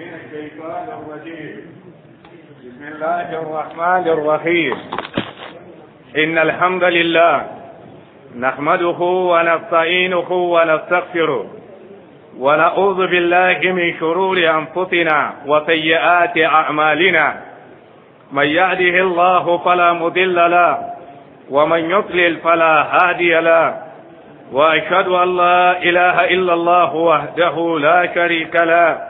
من الشيطان الرجيم بسم الله الرحمن الرحيم إن الحمد لله نحمده ونستعينه ونستغفره ونعوذ بالله من شرور أنفسنا وسيئات أعمالنا من يهده الله فلا مضل له ومن يضلل فلا هادي له واشهد ان لا اله الا الله وحده لا شريك له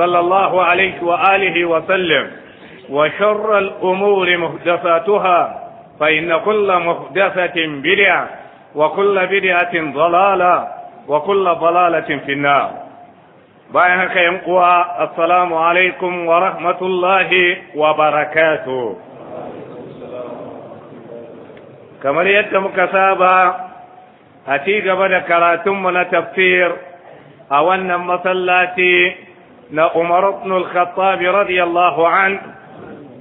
صلى الله عليه وآله وسلم وشر الأمور مهدفاتها فإن كل مهدفة بدعة وكل بدعة ضلالة وكل ضلالة في النار بأنك ينقوى السلام عليكم ورحمة الله وبركاته كما ليت مكسابا أتيك بدا كراتم تفسير أولا مصلاتي na Umar ibn al-Khattab radiyallahu an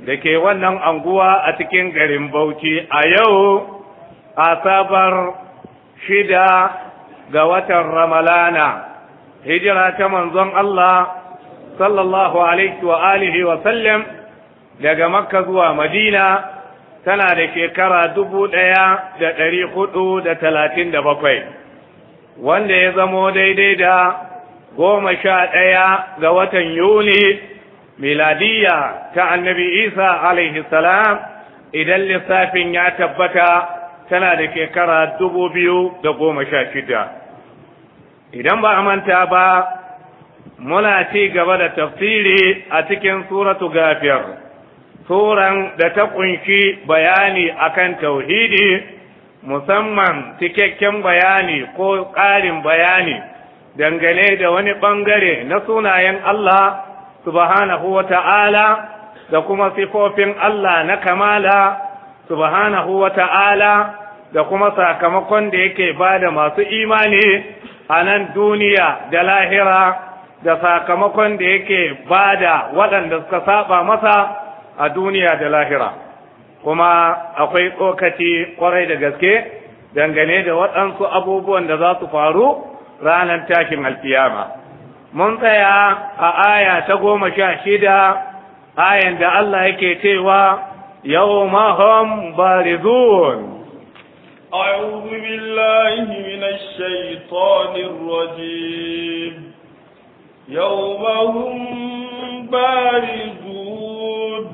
da ke wannan anguwa a cikin garin Bauchi a yau asabar shida ga watan Ramalana hijira ta manzon Allah sallallahu alaihi wa alihi wa sallam daga Makka zuwa Madina tana da shekara dubu ɗaya da ɗari hudu da talatin da bakwai wanda ya zamo daidai da goma sha ɗaya ga watan Yuni miladiya ta annabi Isa alaihi salam idan lissafin ya tabbata tana da shekara dubu biyu da goma sha shida. Idan ba a manta ba, muna ci gaba da tafsiri a cikin suratu gafiyar, suran da ta ƙunshi bayani a kan tauhidi musamman cikakken bayani ko ƙarin bayani. dangane da wani ɓangare na sunayen Allah subhanahu wa ta'ala da kuma sifofin Allah na kamala subhanahu wa ta'ala da kuma sakamakon da yake ba da masu imani a nan duniya da lahira da sakamakon da yake ba da waɗanda suka saba masa a duniya da lahira kuma akwai tsokaci kwarai da gaske dangane da waɗansu abubuwan da za su faru ranar tashin alfiyama. mun tsaya a aya ta goma sha shida ayan da Allah yake cewa yawma hum barizun أعوذ بالله من الشيطان الرجيم يوم هم بارزون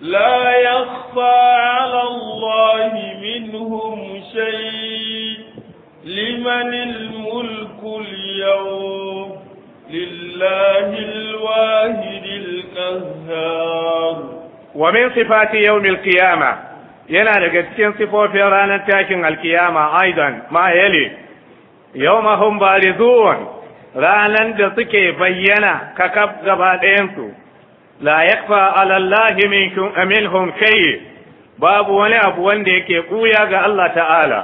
لا يخفى على الله منهم شيء لمن الملك اليوم لله الواحد القهار ومن صفات يوم القيامة ينا نجتين صفوف رانا تاكن القيامة أيضا ما يلي يوم هم بارزون ranan da suke bayyana kakaf gaba ɗayansu la yakfa alallahi minkum minhum shay babu wani abu wanda yake kuya ga Allah ta'ala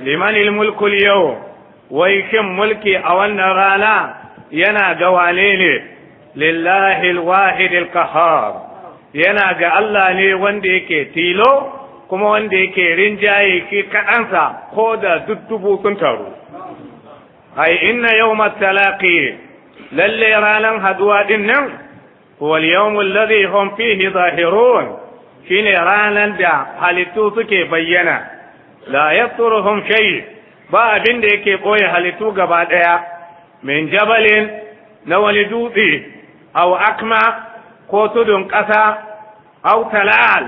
liman mulkul yau wai shin mulki a wannan rana yana ga wane ne lillahi alwahid yana ga Allah ne wanda yake tilo kuma wanda yake rinjaye ki kaɗansa ko da duk dubu sun taru ai inna yau talaqi lalle ranar haduwa din nan huwa yawm alladhi hum fihi zahirun shine ranan da halittu suke bayyana la yaturuhum shay ba abin da yake ɓoye halittu gaba daya min jabalin na wani dutse aw akma ko tudun ƙasa aw talal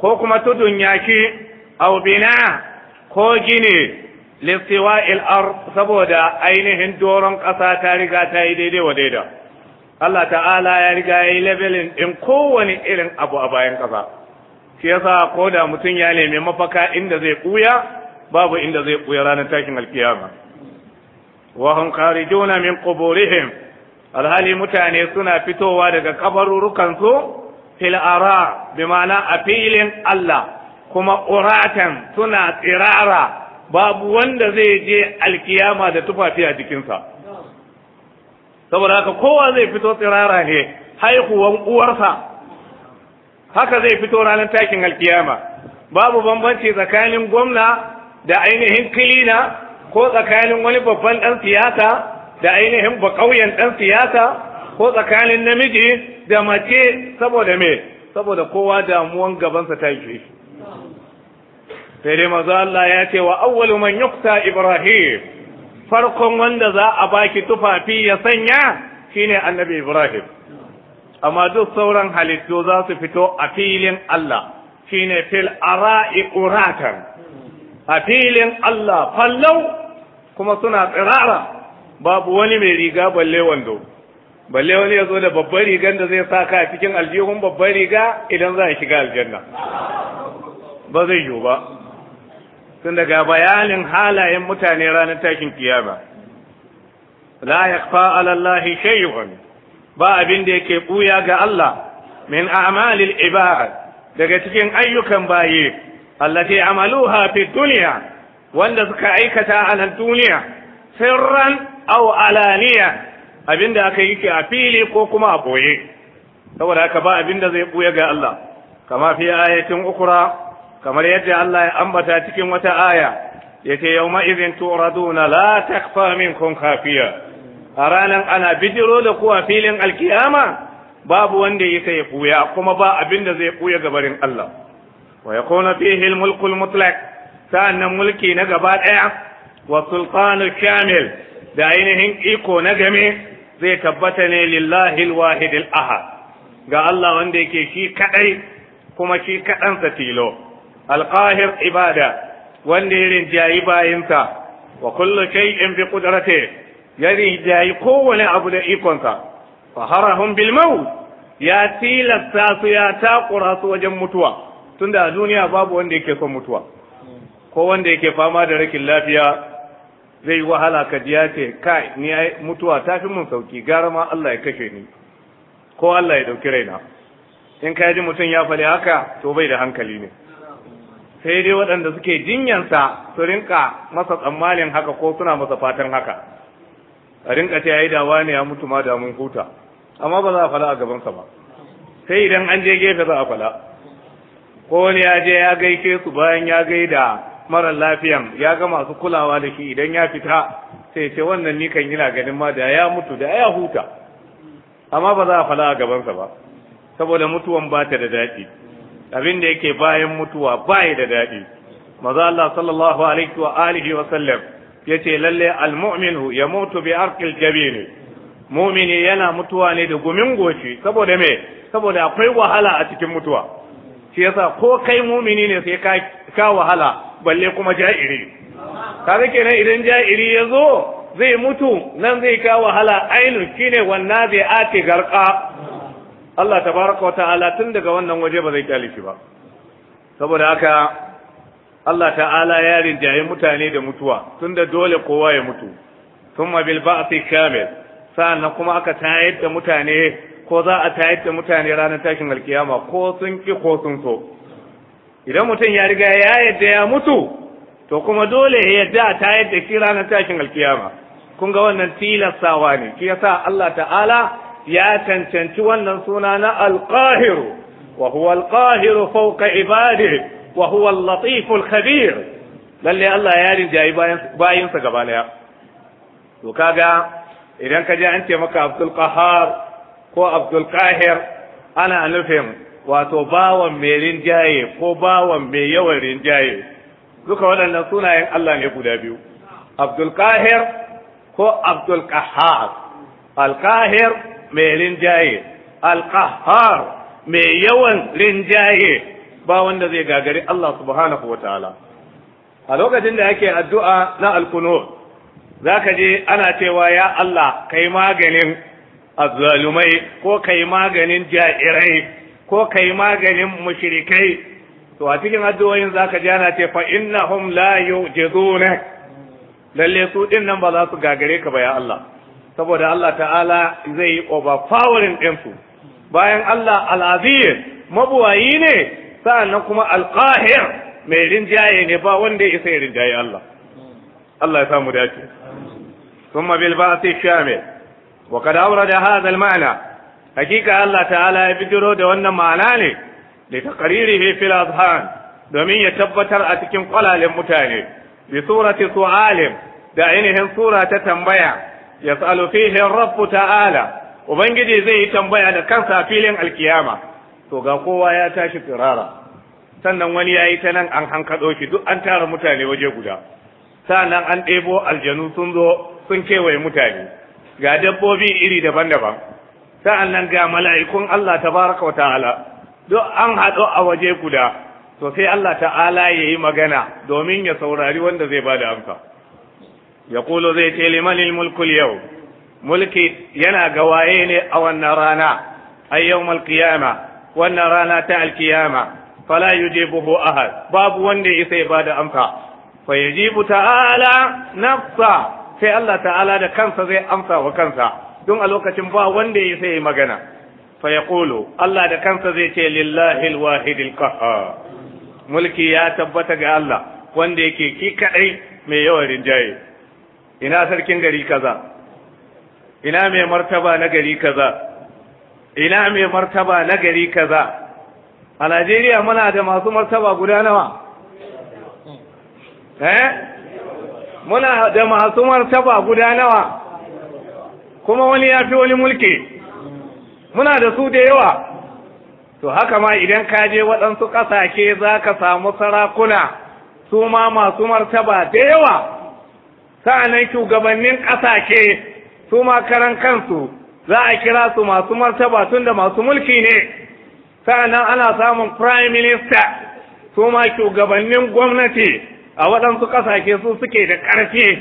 ko kuma tudun yaki aw bina ko gini listiwa'il ar saboda ainihin doron ƙasa ta riga ta yi daidai wa daida Allah ta'ala ya riga ya yi labelin ɗin kowane irin abu a bayan ƙasa. shi yasa ko da mutum ya nemi mafaka inda zai kuya babu inda zai kuya ranar takin alkiyama wa hum kharijuna min quburihim alhali mutane suna fitowa daga kabarurukan su fil ara bi ma'ana a filin Allah kuma uratan suna tsirara babu wanda zai je alkiyama da tufafi a jikinsa saboda haka kowa zai fito tsirara ne haihuwan uwarsa haka zai fito ranar takin alkiyama babu bambanci tsakanin gwamna da ainihin kilina ko tsakanin wani babban dan siyasa da ainihin bakauyen dan siyasa ko tsakanin namiji da mace saboda me saboda kowa damuwan gabansa ta yi sai dai maza Allah ya ce wa awwalu man yukta Ibrahim farkon wanda za a baki tufafi ya sanya shine annabi Ibrahim amma duk sauran halittu za su fito a filin Allah shine fil ara'i uratan a filin Allah fallau kuma suna tsirara babu wani mai riga balle wando balle wani ya zo da babban rigan da zai sa ka cikin aljihun babban riga idan za a shiga aljanna ba zai yiwu ba tun daga bayanin halayen mutane ranar takin kiyama la yakfa ala Allah shay'un ba abin da yake buya ga Allah min a'malil ibad daga cikin ayyukan baye allati amaluha fi dunya wanda suka aikata a nan duniya sirran aw alaniya abin da aka yi a fili ko kuma a boye saboda haka ba abin da zai buya ga Allah kama fi ayatin ukra kamar yadda Allah ya ambata cikin wata aya yace yawma idhin turaduna la takfa minkum khafiya a ranar ana bijiro da ku a filin alkiyama babu wanda ya sai buya kuma ba abin da zai buya gabarin Allah wa yakuna fihi al-mulkul mutlaq sa'annan mulki na gaba daya wa sultanu kamil da ainihin iko na game zai tabbata ne lillahi al aha. ahad ga Allah wanda yake shi kadai kuma shi kadansa tilo al ibada wanda ya rinjayi bayinsa wa kullu shay'in bi qudratihi ya rinjayi kowane abu da ikonsa fa harahum bil ya tilasta su ya takura su wajen mutuwa tunda a duniya babu wanda yake son mutuwa ko wanda yake fama da rakin lafiya zai wahala ka jiya ce kai ni mutuwa ta fi mun sauki gara ma Allah ya kashe ni ko Allah ya dauki raina in ka ji mutum ya fale haka to bai da hankali ne sai dai waɗanda suke jinyansa su rinka masa tsammanin haka ko suna masa fatan haka a rinka ta yayi dawa ne ya mutu ma da mun huta amma ba za a fala a gabansa ba sai idan an je gefe za a fala ko wani ya je ya gaike su bayan ya gaida mara lafiyan ya ga masu kulawa da shi idan ya fita sai ce wannan ni kan yana ganin ma da ya mutu da ya huta amma ba za a fala a gabansa ba saboda mutuwan ba ta da daɗi abin da yake bayan mutuwa ba da daɗi maza Allah sallallahu alaihi wa alihi wa sallam yace lalle almu'minu yamutu bi arqil jabini mu'mini yana mutuwa ne da gumin goshi saboda me saboda akwai wahala a cikin mutuwa shi yasa ko kai mu'mini ne sai ka ka wahala balle kuma ja'iri kaga kenan idan ja'iri ya zo zai mutu nan zai ka wahala ainu shine wanna zai ake garka Allah tabaraka wa ta'ala tun daga wannan waje ba zai kyale ba saboda haka Allah ta'ala ya rinjaye mutane da mutuwa tunda dole kowa ya mutu thumma bil ba'thi kamil sa'annan kuma aka tayar da mutane ko za a tayar da mutane ranar tashin alkiyama ko sun ki ko sun so idan mutum ya riga ya yadda ya mutu to kuma dole ya yadda a tayar da shi ranar tashin alkiyama kun ga wannan tilastawa ne shi yasa Allah ta'ala ya cancanci wannan suna na Alƙahiru. wa huwa alqahiru fawqa ibadihi wa huwa latiful khabir lalle Allah ya rinjayi bayan sa gaba daya to kaga idan ka je an ce maka Abdul Qahar ko Abdul Qahir ana nufin wato bawan mai rinjaye ko bawan mai yawan rinjaye duka waɗannan sunayen Allah ne guda biyu Abdul Qahir ko Abdul Qahar Al Qahir mai rinjaye Al Qahar mai yawan rinjaye ba wanda zai gagari Allah subhanahu wa ta'ala a lokacin da yake addu'a na alkunur za ka je ana cewa ya Allah kai maganin azzalumai ko kai maganin ja'irai ko kai maganin mushrikai to a cikin addu'o'in za ka je ana ce fa innahum la yujizuna lalle su din nan ba za su gagare ka ba ya Allah saboda Allah ta'ala zai yi overpowering ɗinsu bayan Allah al'azir mabuwayi ne sa'annan kuma alqahir mai rinjaye ne ba wanda ya isa ya rinjaye Allah Allah ya samu dace thumma bil ba'thi shamil wa qad da hadha al ma'na hakika Allah ta'ala ya bidiro da wannan ma'ana ne da taqririhi fil azhan domin ya tabbatar a cikin kwalalen mutane bi surati su'alim da ainihin sura ta tambaya ya fihi ar rabbu ta'ala ubangiji zai yi tambaya da kansa filin alkiyama to ga kowa ya tashi tsirara sannan wani ya yi ta nan an hankaɗo shi duk an tara mutane waje guda sannan an ɗebo aljanu sun zo sun kewaye mutane ga dabbobi iri daban-daban sa'annan ga mala'ikun Allah tabaraka wa ta'ala duk an haɗo a waje guda to sai Allah ta'ala ya yi magana domin ya saurari wanda zai bada amsa ya kulo zai ce limanin mulkul yau mulki yana ga waye ne a wannan rana ai yawmal wannan rana ta alkiyama fala yujibuhu ahad babu wanda ya isa ya bada amsa fa yujibu ta'ala nafsa sai Allah ta'ala da kansa zai amsa wa kansa don a lokacin ba wanda ya isa ya magana fa yaqulu Allah da kansa zai ce lillahi alwahidil qahhar mulki ya tabbata ga Allah wanda yake ki kadai mai yawan rinjaye ina sarkin gari kaza ina mai martaba na gari kaza ina mai martaba na gari kaza a Najeriya muna da masu martaba guda nawa eh muna da masu martaba guda nawa kuma wani ya fi wani mulki muna da su da yawa to haka ma idan ka je waɗansu ƙasashe za ka samu sarakuna su ma masu martaba da yawa sa'annan shugabannin ƙasashe su ma karan kansu za a kira su masu martaba tun da masu mulki ne sa'annan ana samun prime minister su ma shugabannin gwamnati a waɗansu ƙasashe su suke da ƙarfi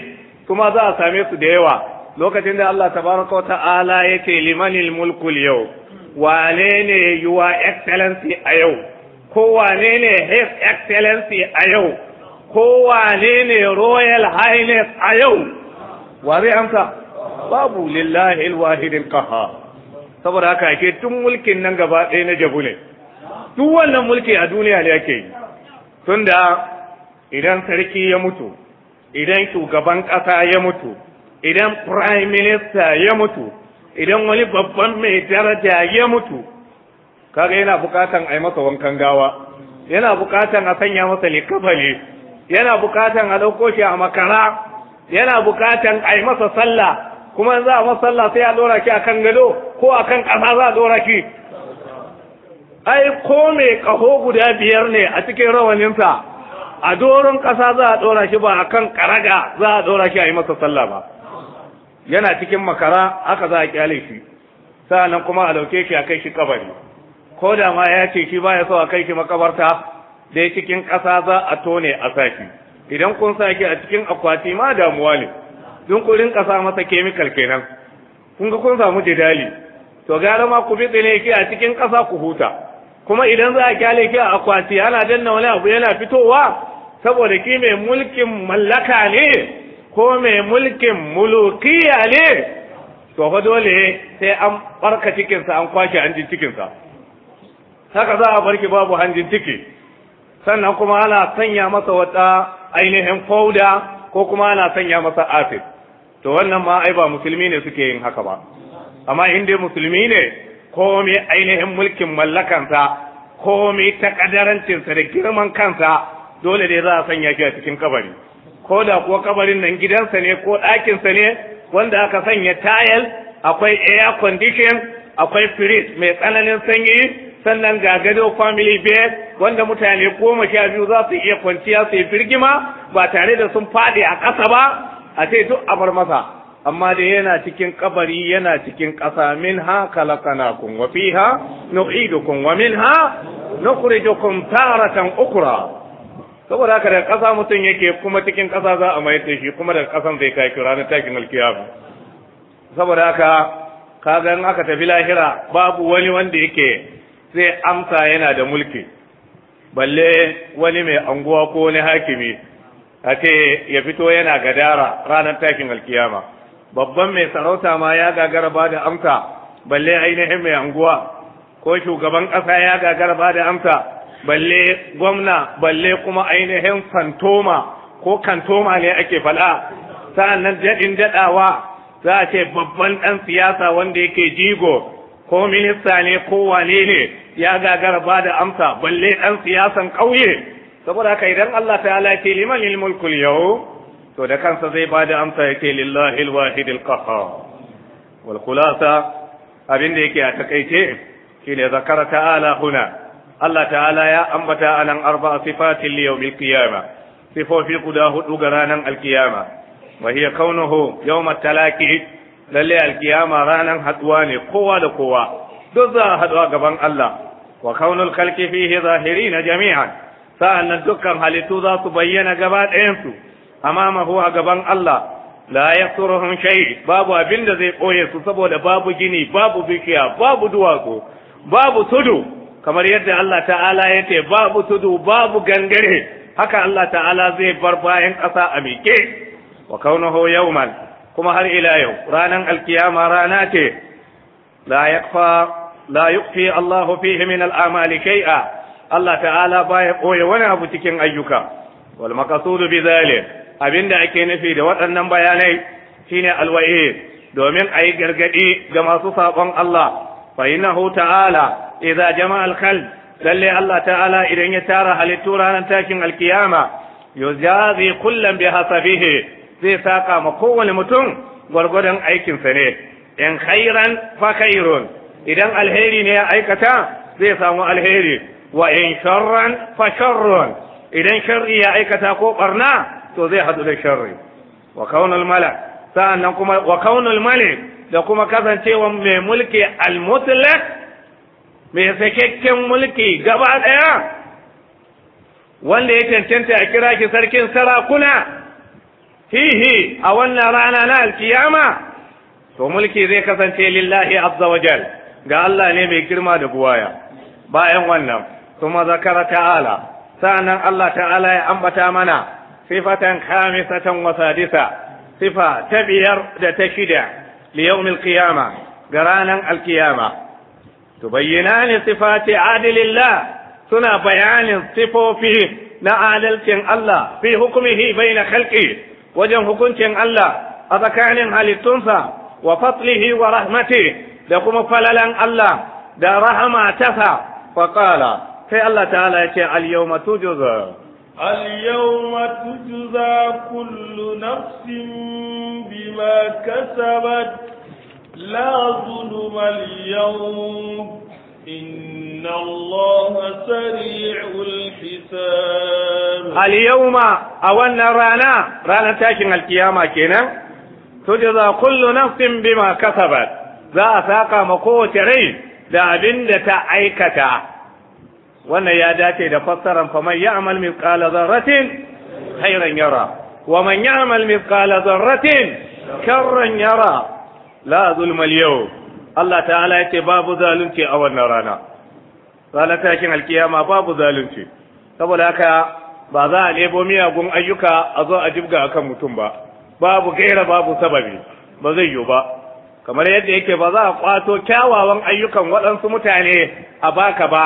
kuma za a same su da yawa lokacin da Allah tabaraka wata'ala ya ce limanil mulkul yau wane ne yuwa excellency a yau ko wane ne his excellency a yau ko wane ne royal highness a yau wa zai amsa babu lillahi alwahidil qahhar saboda haka yake tun mulkin nan gaba ɗaya na jabule Tun wannan mulki a duniya ne yake yi tunda idan sarki ya mutu idan shugaban ƙasa ya mutu idan prime minister ya mutu idan wani babban mai daraja ya mutu kaga yana bukatan a yi masa wankan gawa yana bukatan a sanya masa likafale yana bukatan a ɗauko shi a makara yana bukatan a yi masa sallah kuma za a masalla sai a dora ki kan gado ko a kan ƙasa za a dora ki ai ko mai ƙaho guda biyar ne a cikin rawaninsa a doron ƙasa za a dora shi ba a kan ƙaraga za a dora shi a yi masa sallah ba yana cikin makara aka za a kyale shi sa'annan kuma a dauke shi a kai shi kabari ko da ma ya ce shi baya so a kai shi makabarta dai cikin ƙasa za a tone a sashi idan kun sa shi a cikin akwati ma damuwa ne don ku rinka sa masa kemikal kenan kun ga kun samu jidali to gara ma ku bitse ki a cikin ƙasa ku huta kuma idan za a kyale ki a akwati ana danna wani abu yana fitowa saboda ki mai mulkin mallaka ne ko mai mulkin mulukiya ne to fa dole sai an barka cikinsa an kwashe hanjin cikinsa haka za a barki babu hanjin ciki sannan kuma ana sanya masa wata ainihin fauda ko kuma ana sanya masa acid to wannan ma ai ba musulmi ne suke yin haka ba amma in dai musulmi ne komai ainihin mulkin mallakansa komai ta kadarancinsa da girman kansa dole dai za a sanya shi a cikin kabari ko da kuwa kabarin nan gidansa ne ko ɗakinsa ne wanda aka sanya tayal akwai air condition akwai fridge mai tsananin sanyi sannan ga gado family bed wanda mutane goma sha biyu za su iya kwanciya su yi firgima ba tare da sun faɗi a ƙasa ba a ce duk a bar masa amma da yana cikin kabari yana cikin ƙasa min ha kun wa ha nu'idukum wa min ha nukhrijukum taratan ukra saboda haka da ƙasa mutum yake kuma cikin ƙasa za a mai shi kuma da ƙasan zai kai ranar takin alkiyama saboda haka kaga in aka tafi lahira babu wani wanda yake sai amsa yana da mulki balle wani mai anguwa ko wani hakimi ake ya fito yana gadara ranar takin alkiyama babban mai sarauta ma ya gagara ba da amsa balle ainihin mai anguwa ko shugaban ƙasa ya gagara ba da amsa balle gwamna balle kuma ainihin fantoma ko kantoma ne ake sa'an nan daɗin daɗawa za a ce babban ɗan siyasa wanda yake jigo ko minista ne ko wane ne ya gagara ba da amsa balle ɗan siyasan ƙauye saboda haka idan Allah ta'ala ya ce liman lil mulkul yau to da kansa zai ba da amsa ya ce lillahi alwahid alqahhar wal khulasa abinda yake a takaice shine zakara ta'ala huna Allah ta'ala ya ambata anan arba'a sifatin li yawmil qiyama sifofi guda hudu ga ranar alkiyama wa hiya kaunuhu yawmat talaqi lalle alkiyama ranar haduwa ne kowa da kowa duk za a haɗu a gaban Allah wa kaunul khalqi fihi zahirina jami'an sa'annan dukkan halittu za su bayyana gaba ɗayansu amama a gaban Allah la yasuruhum shay babu abin da zai ɓoye su saboda babu gini babu bishiya babu duwatsu babu tudu kamar yadda Allah ta'ala ya ce babu tudu babu gangare haka Allah ta'ala zai bar bayan ƙasa a miƙe wa kaunahu yawman kuma har ila yau ranan alkiyama rana ce la yakfa la yukfi Allah fihi min shay'a Allah ta'ala baya koya wani abu cikin ayyuka wal maqsudu bi zalik abinda ake nufi da waɗannan bayanai shine alwa'i domin ayi gargadi ga masu sabon Allah fa innahu ta'ala idza jama'a al lalle Allah ta'ala idan ya tara halittu ranar takin alkiyama yujazi kullan bi hasabihi zai saka ma kowane mutum gwargwadon aikinsa ne in khairan fa khairun idan alheri ne ya aikata zai samu alheri wa in sharran fa sharrun idan sharri ya aikata ko barna to zai hadu da sharri wa kaunul sa'annan kuma wa kaunul malik da kuma kasancewa mai mulki al-mutlaq mai sakakken mulki gaba daya wanda ya cancanta a kira ki sarkin sarakuna hihi a wannan rana na alkiyama to mulki zai kasance lillahi azza wajal ga Allah ne mai girma da buwaya bayan wannan kuma zakara ta'ala sa'annan Allah ta'ala ya ambata mana sifatan khamisatan wa sadisa sifa ta biyar da ta shida li yawmil qiyama ga ranar alkiyama tubayyinani sifati adilillah suna bayanin sifofi na adalcin Allah fi hukumihi baina khalqi wajen hukuncin Allah a tsakanin halittunsa wa faslihi wa rahmati da kuma falalan Allah da rahama tasa faqala sai Allah ta'ala ya ce al-yawma tujza al-yawma tujza kullu nafsin bima kasabat la zulma al-yawm inna Allah sari'ul hisab al-yawma a wannan rana ranar takin alkiyama kenan tujza kullu nafsin bima kasabat za a saka ma kowace rai da abin da ta aikata wannan ya dace da fassaran faman ya'mal mithqala dharratin khairan yara wa man ya'mal mithqala dharratin sharran yara la zulma al Allah ta'ala yace babu zalunci a wannan rana ranar tashin alkiyama babu zalunci saboda haka ba za a lebo miyagun ayyuka a zo a jibga akan mutum ba babu gaira babu sababi ba zai yiwu ba kamar yadda yake ba za a kwato kyawawan ayyukan waɗansu mutane a baka ba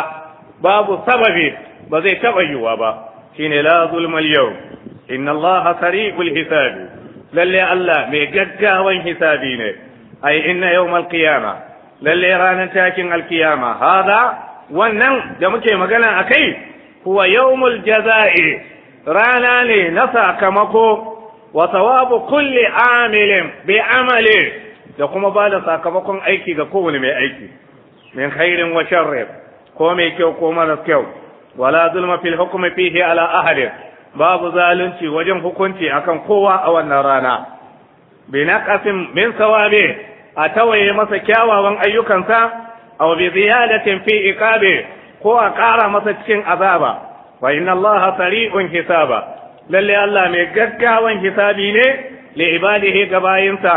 babu sababi ba zai taɓa yiwuwa ba shine la zulmal yau inna allaha sari'ul hisabi lalle Allah mai gaggawan hisabi ne ai inna yawmal qiyama lalle ranar takin alkiyama hada wannan da muke magana akai huwa yawmul jaza'i rana ne na sakamako wa thawabu kulli amilin bi amali da kuma ba da sakamakon aiki ga kowane mai aiki min khairin wa sharri ko mai kyau ko maras kyau wala zulma fil hukmi fihi ala ahli babu zalunci wajen hukunci akan kowa a wannan rana bi naqasin min sawabi a tawaye masa kyawawan ayyukansa aw bi ziyadatin fi iqabi ko a ƙara masa cikin azaba wa inna allaha sari'un hisaba lalle Allah mai gaggawan hisabi ne li ibadihi gabayinsa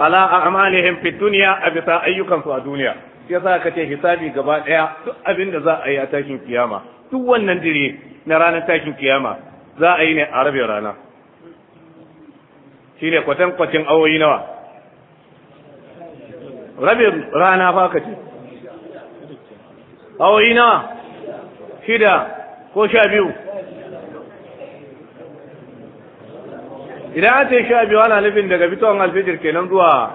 ala a'malihim fid dunya a bisa ayyukansu a duniya ya sa ka ce hisabi gaba ɗaya duk abin da za a yi a tashin kiyama duk wannan dire na ranar tashin kiyama za a yi ne a rabe rana shi ne kwatan kwatin awoyi nawa rabe rana fa ka ce awoyi nawa shida ko sha biyu idan an ce sha biyu ana nufin daga fitowar alfijir kenan zuwa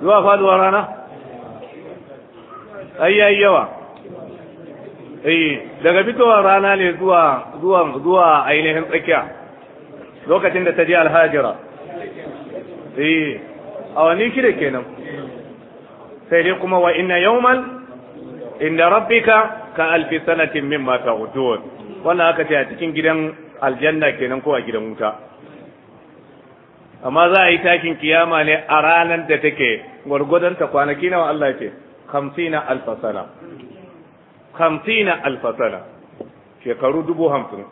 zuwa faduwar rana ai yayi yawa eh daga fitowar rana ne zuwa zuwa zuwa ainihin tsakiya lokacin da ta je alhajira eh awanni shida kenan sai dai kuma wa inna yawmal inda rabbika ka alfi sanatin mimma ta'udun wannan aka ce a cikin gidan aljanna kenan ko a gidan wuta amma za a yi takin kiyama ne a ranar da take gwargwadon ta kwanaki nawa Allah ce khamsina alfasana sana khamsina alfa shekaru dubu hamsin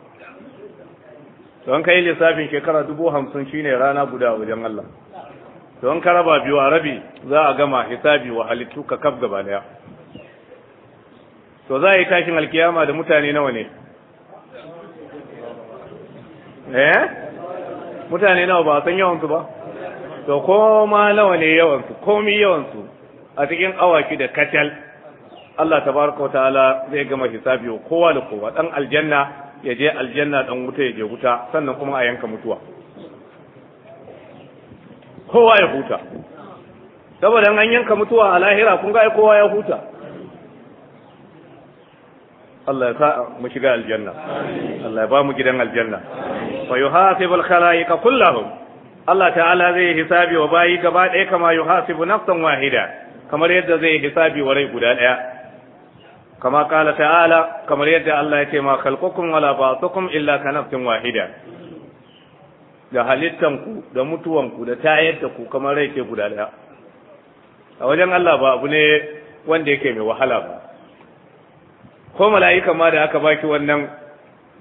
don kai lissafin shekara dubu hamsin shine rana guda wajen Allah don ka raba biyu a rabi za a gama hisabi wa halittu ka kaf gaba daya to za a yi tashin alkiyama da mutane nawa ne eh mutane nawa ba san yawansu ba to ko ma nawa ne yawansu komi yawansu a cikin awaki da katal Allah tabaraka ta'ala zai gama hisabi kowa da kowa dan aljanna ya je aljanna dan wuta ya je wuta sannan kuma a yanka mutuwa kowa ya huta saboda an yanka mutuwa a lahira kun ga kowa ya huta Allah ya sa mu shiga aljanna Allah ya ba mu gidan aljanna fa yuhasibu al-khalaiqa kullahum Allah ta'ala zai hisabi wa bayi gaba ɗaya kama yuhasibu nafsan wahida kamar yadda zai hisabi wa rai guda ɗaya kama kala ta'ala kamar yadda Allah ya ce ma khalqukum wala ba'thukum illa ka nafsin wahida da halittan ku da mutuwan ku da tayar da ku kamar rai ke guda ɗaya a wajen Allah ba abu ne wanda yake mai wahala ba ko mala'ika ma da aka baki wannan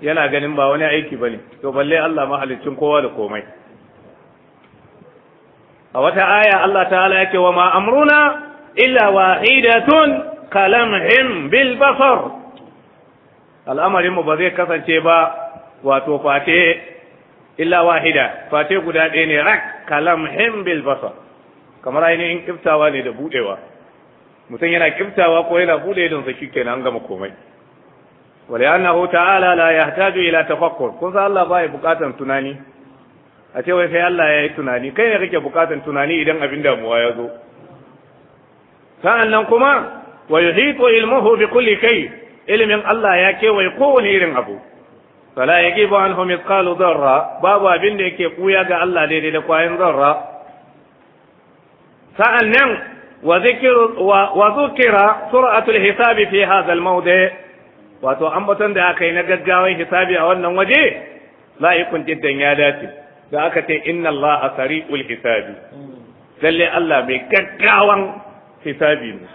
yana ganin ba wani aiki bane to balle Allah mahalicin kowa da komai a wata aya Allah ta'ala yake wa ma amruna إلا واحدة كلمح بالبصر al'amarin mu ba zai kasance ba wato fate illa wahida fate guda ɗaya ne rak kalam him bil basar kamar ainihin kiftawa ne da buɗewa. mutum yana ƙiftawa ko yana bude don sa kenan an gama komai wal annahu ta'ala la yahtaju ila tafakkur kun san Allah bai bukatan tunani a ce sai Allah ya yi tunani kai ne kake bukatan tunani idan abin damuwa ya zo sa'annan kuma wa yuhitu ilmuhu bi kulli kai ilimin Allah ya kewaye kowane irin abu fala yaqibu anhu mithqalu dharra babu abin da yake kuya ga Allah daidai da kwayan zarra sa'annan wa zikru wa zukira sur'atul hisabi fi hadha al-mawdi wato ambaton da aka yi na gaggawan hisabi a wannan waje la'ikun jiddan ya dace da aka ce inna Allah sari'ul hisabi lalle Allah mai gaggawan hisabi ne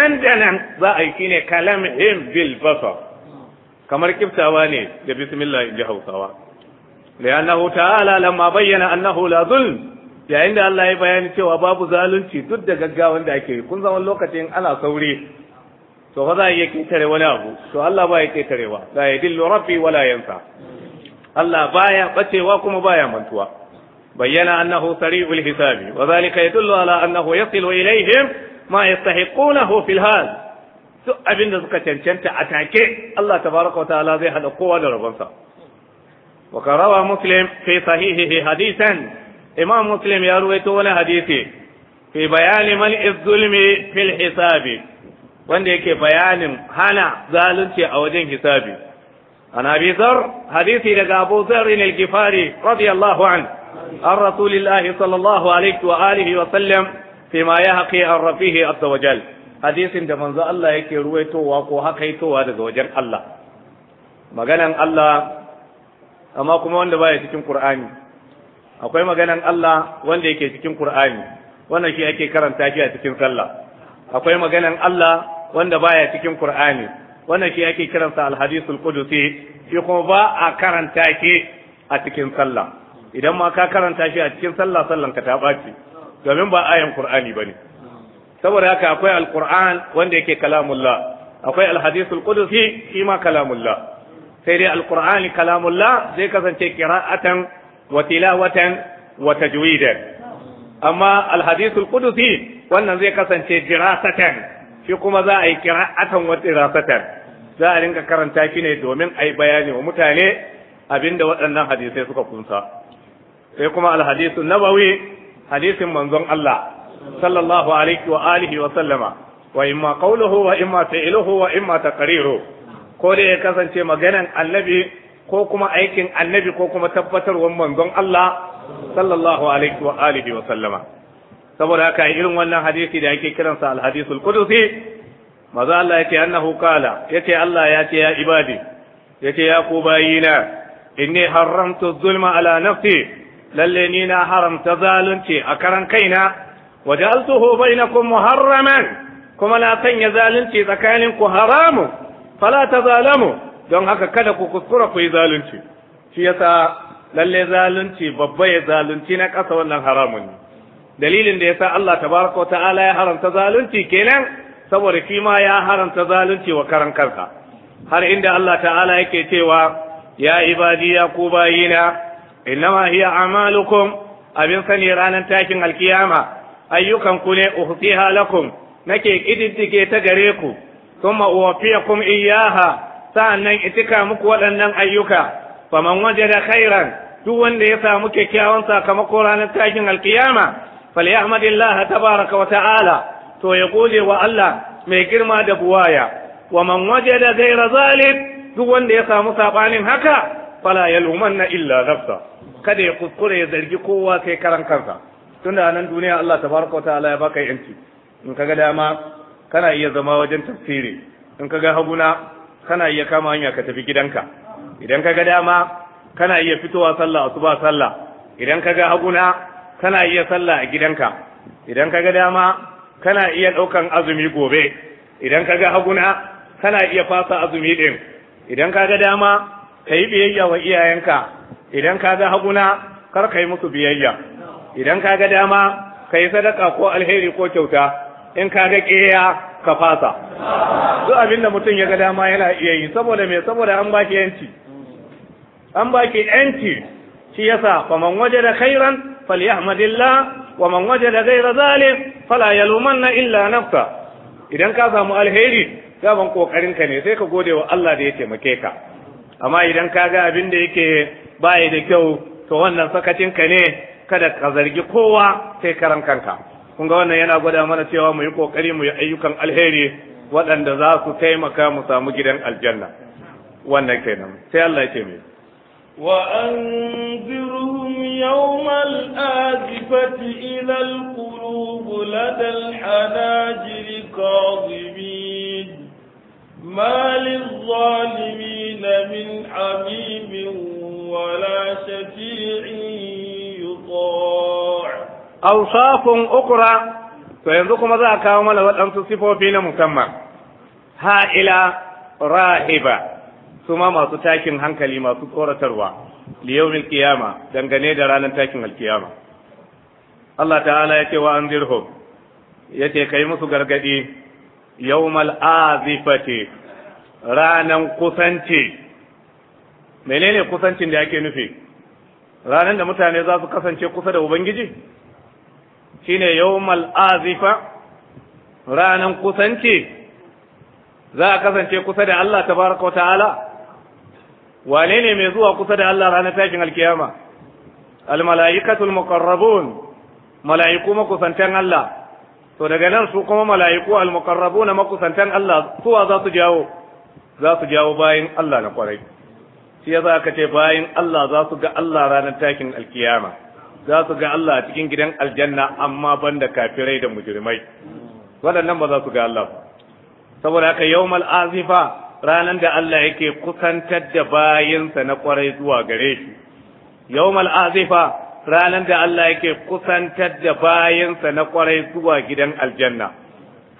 nan da nan za a yi shine kalam him bil basar kamar kiftawa ne da bismillah in ji hausawa li'annahu ta'ala lamma bayyana annahu la zulm yayin da Allah ya bayani cewa babu zalunci duk da gaggawan da ake yi kun zama lokacin ana sauri to fa za a iya ketare wani abu to Allah ba ya ketarewa la yadillu rabbi wala yansa Allah baya bacewa kuma baya mantuwa bayyana annahu sari'ul hisabi wa zalika yadullu ala annahu yasilu ilaihim ma yastahiqunahu fil hal duk abin da suka cancanta a take Allah tabaraka wa ta'ala zai hada kowa da rabonsa wa karawa muslim fi sahihihi hadisan imam muslim ya ruwaito wani hadisi fi bayani man zulmi fil hisabi wanda yake bayanin hana zalunci a wajen hisabi عن أبي ذر حديث لك أبو ذر الجفاري رضي الله عنه عن رسول الله صلى الله عليه وآله وسلم ma ya haƙi an rafihi azza wajal hadisin da manzo Allah yake ruwaitowa ko yitowa daga wajen Allah maganan Allah amma kuma wanda baya cikin Qur'ani akwai maganan Allah wanda yake cikin Qur'ani wannan shi ake karanta shi a cikin sallah akwai maganan Allah wanda baya cikin Qur'ani wannan shi ake kiransa al qudusi shi kuma ba a karanta shi a cikin sallah idan ma ka karanta shi a cikin sallah sallan ka ta baci domin ba ayan qur'ani bane saboda haka akwai alqur'an wanda yake kalamullah akwai alhadithul qudusi shi ma kalamullah sai dai alqur'ani kalamullah zai kasance qira'atan wa tilawatan wa tajwidan amma alhadithul qudusi wannan zai kasance dirasatan shi kuma za a yi qira'atan wa dirasatan za a rinka karanta shi ne domin a yi bayani wa mutane abinda waɗannan hadisai suka kunsa sai kuma alhadisun nabawi hadisin manzon Allah sallallahu alaihi wa alihi wa sallama wa imma qawluhu wa imma fi'luhu wa imma taqriru ko da ya kasance maganan annabi ko kuma aikin annabi ko kuma tabbatarwar manzon Allah sallallahu alaihi wa alihi wa sallama saboda haka irin wannan hadisi da ake kiransa al-hadisul qudusi maza Allah yace annahu qala yace Allah ya ce ya ibadi yace ya ku bayina inni haramtu zulma ala nafsi lalle ni na haramta zalunci a karan kaina wa ja'altuhu bainakum muharraman kuma na sanya zalunci tsakanin ku haramu fala tazalamu don haka kada ku kuskura ku yi zalunci shi yasa lalle zalunci babba ya zalunci na ƙasa wannan haramun ne dalilin da yasa Allah tabaraka wa ta'ala ya haramta zalunci kenan saboda shi ma ya haramta zalunci wa karan karka. har inda Allah ta'ala yake cewa ya ibadi ya ku bayina innama hiya amalukum abin sani ranar takin alkiyama ayyukan ku ne uhsiha lakum nake kididdige ta gare ku thumma uwaffiyakum iyyaha sa'annan itika muku waɗannan ayyuka faman wajada khairan duk wanda ya samu kyakkyawan sakamako ranar takin alkiyama falyahmadillaha tabaraka wa ta'ala to ya gode wa Allah mai girma da buwaya wa man wajada ghayra zalik duk wanda ya samu sabanin haka fala yalumanna illa nafsa kada ya kuskure ya zargi kowa sai karan kansa tunda a nan duniya Allah tabaraka ta'ala ya baka yanci in kaga dama kana iya zama wajen tafsiri in kaga haguna kana iya kama hanya ka tafi gidanka idan kaga dama kana iya fitowa sallah asuba sallah idan kaga haguna kana iya sallah a gidanka idan kaga dama kana iya ɗaukan azumi gobe idan kaga haguna kana iya fasa azumi ɗin. idan kaga dama ka yi biyayya wa iyayenka idan ka ga haguna kar ka yi musu biyayya idan ka ga dama ka yi sadaka ko alheri ko kyauta in ka ga ƙeya ka fasa duk abin da mutum ya ga dama yana iya yi saboda me saboda an baki yanci an baki yanci shi yasa man wajada khairan falyahmadillah wa man wajada ghayra zalim fala yalumanna illa nafsa idan ka samu alheri gaban kokarin ka ne sai ka gode wa Allah da ya taimake ka amma idan ka ga abin da yake baya da kyau to wannan sakacin ka ne kada ka zargi kowa sai karan kanka kun ga wannan yana gwada mana cewa mu yi kokari mu yi ayyukan alheri waɗanda za su taimaka mu samu gidan aljanna wannan kenan sai Allah ya ce mai وأنذرهم يوم الآزفة إلى القلوب لدى الحناجر كاظمين ما للظالمين من حميم ولا شفيع يطاع أوصاف أخرى فينذكم ذا كامل وأن تصفوا فينا مسمى هائلة راهبة ثم ما تتاكن هنكلي ما تطورة تروى ليوم القيامة دنغني درانا تاكن القيامة الله تعالى يتي وأنذرهم يتي كيمس غرغدي يوم الآذفة رانا قسنتي menene kusancin da yake nufi ranar da mutane za su kasance kusa da ubangiji shine yawmal azifa ranan kusanci za a kasance kusa da Allah tabaraka ta'ala wane ne mai zuwa kusa da Allah ranar tashin alkiyama almala'ikatul muqarrabun mala'iku makusantan Allah to daga nan su kuma mala'iku almuqarrabuna makusantan Allah suwa za su jawo za su jawo bayin Allah na kwarai shi yasa aka ce bayan Allah za su ga Allah ranar takin alkiyama za su ga Allah a cikin gidan aljanna amma banda kafirai da mujrimai waɗannan ba za su ga Allah saboda haka yawmal azifa ranar da Allah yake kusantar da bayinsa na kwarai zuwa gare shi yawmal azifa ranar da Allah yake kusantar da bayansa na kwarai zuwa gidan aljanna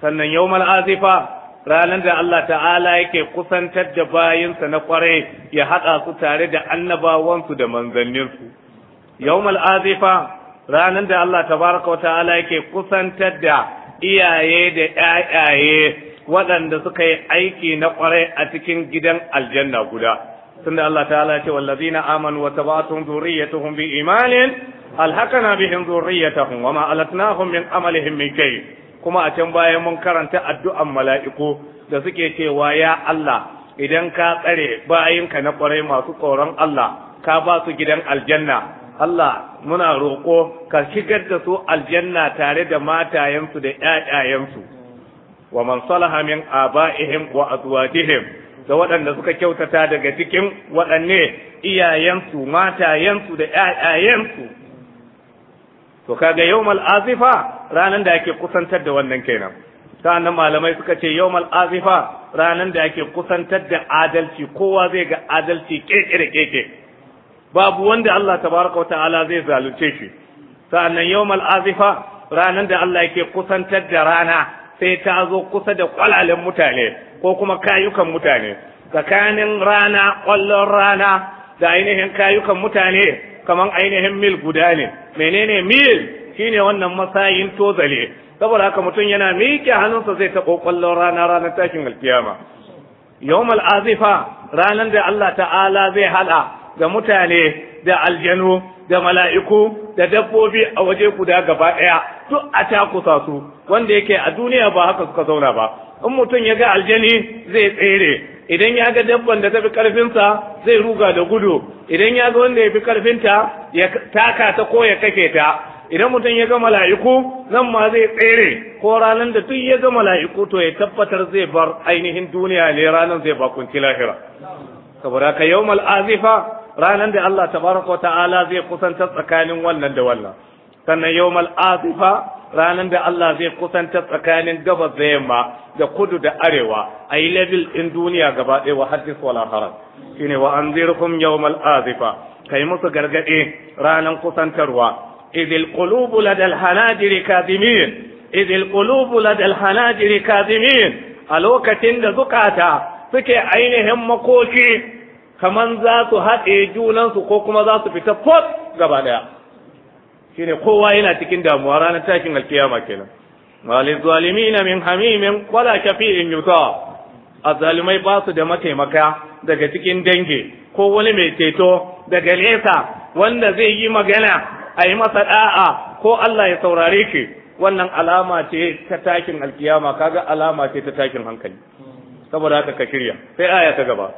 sannan yawmal azifa ranar da Allah ta'ala yake kusantar da bayinsa na kwarai ya haɗa su tare da annabawansu da manzanninsu yawmal azifa ranar da Allah tabaraka wa ta'ala yake kusantar da iyaye da ƴaƴaye waɗanda suka yi aiki na kwarai a cikin gidan aljanna guda tunda Allah ta'ala ya ce wallazina amanu wa tabatun zurriyyatuhum bi imanin alhaqana bihim zurriyyatahum wa ma alatnahum min amalihim min kai. kuma a can bayan mun karanta addu'an mala'iku da suke cewa ya Allah idan ka tsare bayinka na kwarai masu tsoron Allah ka ba su gidan aljanna Allah muna roƙo ka shigar da su aljanna tare da matayensu da ƴaƴayensu wa man salaha min aba'ihim wa azwajihim da waɗanda suka kyautata daga cikin waɗanne iyayensu matayensu da ƴaƴayensu to kaga yawmal azifa ranan da ake kusantar da wannan kenan sa'annan malamai suka ce yawmal azifa ranan da yake kusantar da adalci kowa zai ga adalci kekere keke babu wanda Allah tabaraka wa ta'ala zai zalunce shi sa'annan yawmal azifa ranan da Allah yake kusantar da rana sai ta zo kusa da kwalalen mutane ko kuma kayukan mutane tsakanin rana kwallon rana da ainihin kayukan mutane kaman ainihin mil guda ne menene mil shine wannan masayin tozale saboda haka mutum yana miƙe hannunsa zai taɓo ƙwallon rana ranar tashin alkiyama yawmal azifa ranar da Allah ta'ala zai haɗa ga mutane da aljanu da mala'iku da dabbobi a waje guda gaba ɗaya duk a takusa su wanda yake a duniya ba haka suka zauna ba in mutum ya ga aljani zai tsere idan ya ga dabban da ta fi karfinsa zai ruga da gudu idan ya ga wanda ya fi karfinta ya taka ta ko ya kafe ta idan mutum ya ga mala'iku nan ma zai tsere ko ranar da duk ya ga mala'iku to ya tabbatar zai bar ainihin duniya ne ranar zai bakunci lahira saboda ka yau mal'azifa ranar da Allah tabaraka wa ta'ala zai kusantar tsakanin wannan da wannan sannan yau mal'azifa ranar da Allah zai kusanta tsakanin gabas da yamma da kudu da arewa a yi level ɗin duniya gaba ɗaya wa hadis wala haram wa anzirhum yawmal azifa kai musu gargaɗe ranar kusantarwa idil qulubu ladal hanajiri kadimin idil hanajiri a lokacin da zukata suke ainihin makoki kaman za su haɗe junansu ko kuma za su fita fot gaba ɗaya shine kowa yana cikin damuwa ranar takin alkiyama kenan walil zalimina min hamimin wala kafi'in yuta azalimai ba su da mataimaka daga cikin dange ko wani mai ceto daga nesa wanda zai yi magana a yi masa da'a ko Allah ya saurare ki wannan alama ce ta takin alkiyama kaga alama ce ta takin hankali saboda haka ka kirya sai aya ta gaba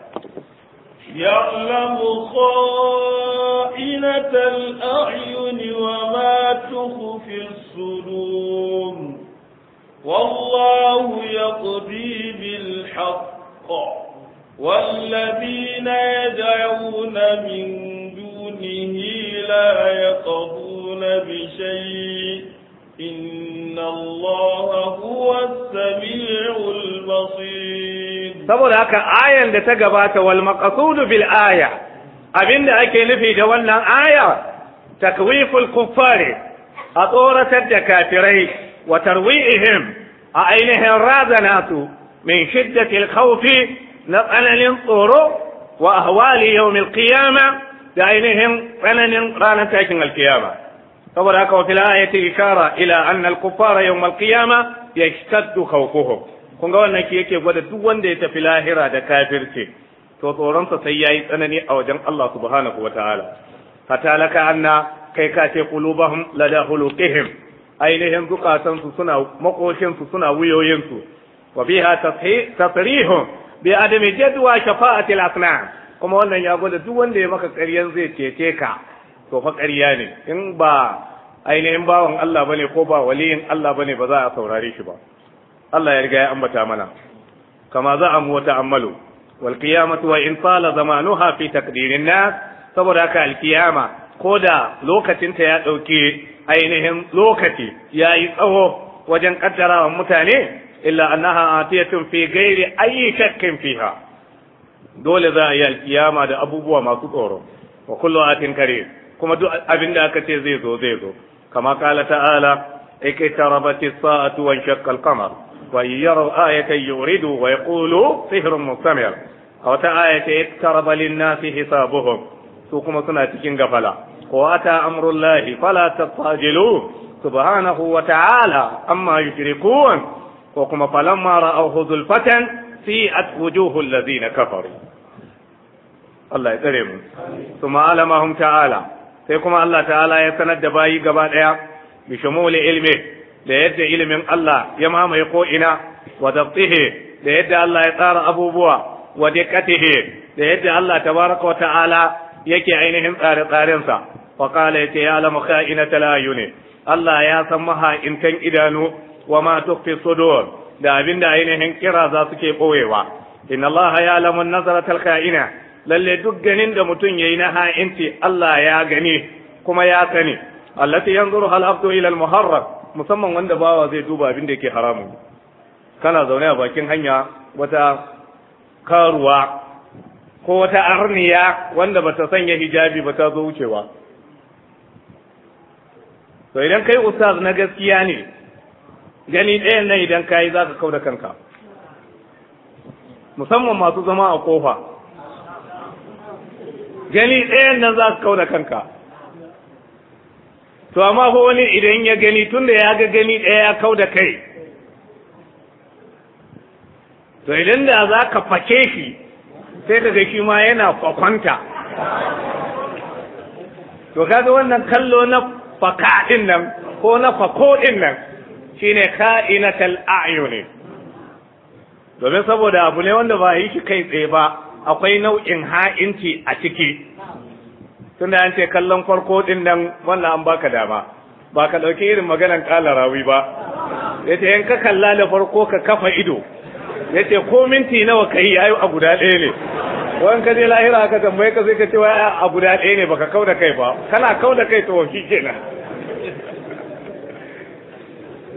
يعلم خائنة الأعين وما تخفي الصدور والله يقضي بالحق والذين يدعون من دونه لا يقضون بشيء إن الله هو السميع البصير saboda haka ayan da ta gabata wal maqsudu bil aya abinda ake nufi da wannan aya takwiful kuffari a tsoratar da kafirai wa tarwi'ihim a ainihin razanatu su min shiddatil khawfi na tsananin tsoro wa ahwali yawmil qiyama da ainihin tsananin ranar takin alkiyama saboda haka wa fil ayati ikara ila anna al kuffara yawm al qiyama yashtaddu khawfuhum kun ga wannan ki yake gwada duk wanda ya tafi lahira da kafirce to tsoronsa sai yayi tsanani a wajen Allah subhanahu wataala Ta'ala. anna kai ka ce qulubahum lada huluqihim ainihin zukatan su suna makoshin su suna wuyoyin su wa biha tasrihu bi adami jadwa shafa'ati al kuma wannan ya gwada duk wanda ya maka ƙaryan zai cece ka to fa ƙarya ne in ba ainihin bawan Allah bane ko ba waliyin Allah bane ba za a saurare shi ba Allah ya riga ya ambata mana kama za a wata ammalu wal qiyamatu wa in tala zamanuha fi taqdirin nas saboda haka al qiyama koda lokacin ta ya dauke ainihin lokaci yayi tsawo wajen kaddarawa mutane illa annaha atiyatun fi ghairi ayi shakkin fiha dole za a yi alkiyama da abubuwa masu tsoro wa kullu atin kare kuma duk abin da aka ce zai zo zai zo kama kala ta'ala ikitarabatis sa'atu wa shaqqa qamar وان يروا ايه يوردوا ويقولوا سحر مستمر او تا ايه اقترب للناس حسابهم سوكم سناتكين قفلا واتى امر الله فلا تستعجلوا سبحانه وتعالى اما يشركون وكما فلما راوه زلفة سيئت وجوه الذين كفروا الله يكرم ثم علمهم تعالى سيكم الله تعالى يسند باي قبائل بشمول علمه da yadda ilimin Allah ya mamaye ko'ina, ina wa da yadda Allah ya tsara abubuwa wa da yadda Allah tabaraka wa ta'ala yake ainihin tsare tsaren sa wa ya yake ya alamu kha'inatal ne. Allah ya san maha'intan idanu wa ma tukfi sudur da abinda ainihin kira za su ke boyewa inna Allah ya alamu nazaratal kha'ina lalle duk ganin da mutum yayi na ha'inci Allah ya gani kuma ya sani allati yanzu ruhal abdu ilal al musamman wanda bawa zai duba abin da yake haramun kana zaune a bakin hanya wata karuwa ko wata arniya wanda bata sanya hijabi ba ta zo wucewa to idan kai ustaz na gaskiya ne gani ɗayan nan idan ka yi za ka kauda kanka musamman masu zama a kofa gani ɗayan nan za ka kauda kanka to amma fa wani idan ya gani tunda ya ga gani ɗaya ya kau da kai to idan da za ka fake shi sai ka ga ma yana kwakwanta to kaga wannan kallo na faka ɗin nan ko na fako ɗin nan shine ka'inatal a'yuni domin saboda abu ne wanda ba yi shi kai tsaye ba akwai nau'in ha'inci a ciki tunda an ce kallon farko din nan wannan an baka dama ba ka ɗauki irin maganan kala rawi ba ya ce in ka kalla da farko ka kafa ido ya ce ko minti nawa ka yi yayi a guda ɗaya ne wani ka je lahira ka tambaye ka sai ka ce wai a guda ɗaya ne baka kau da kai ba kana kau da kai to shi kenan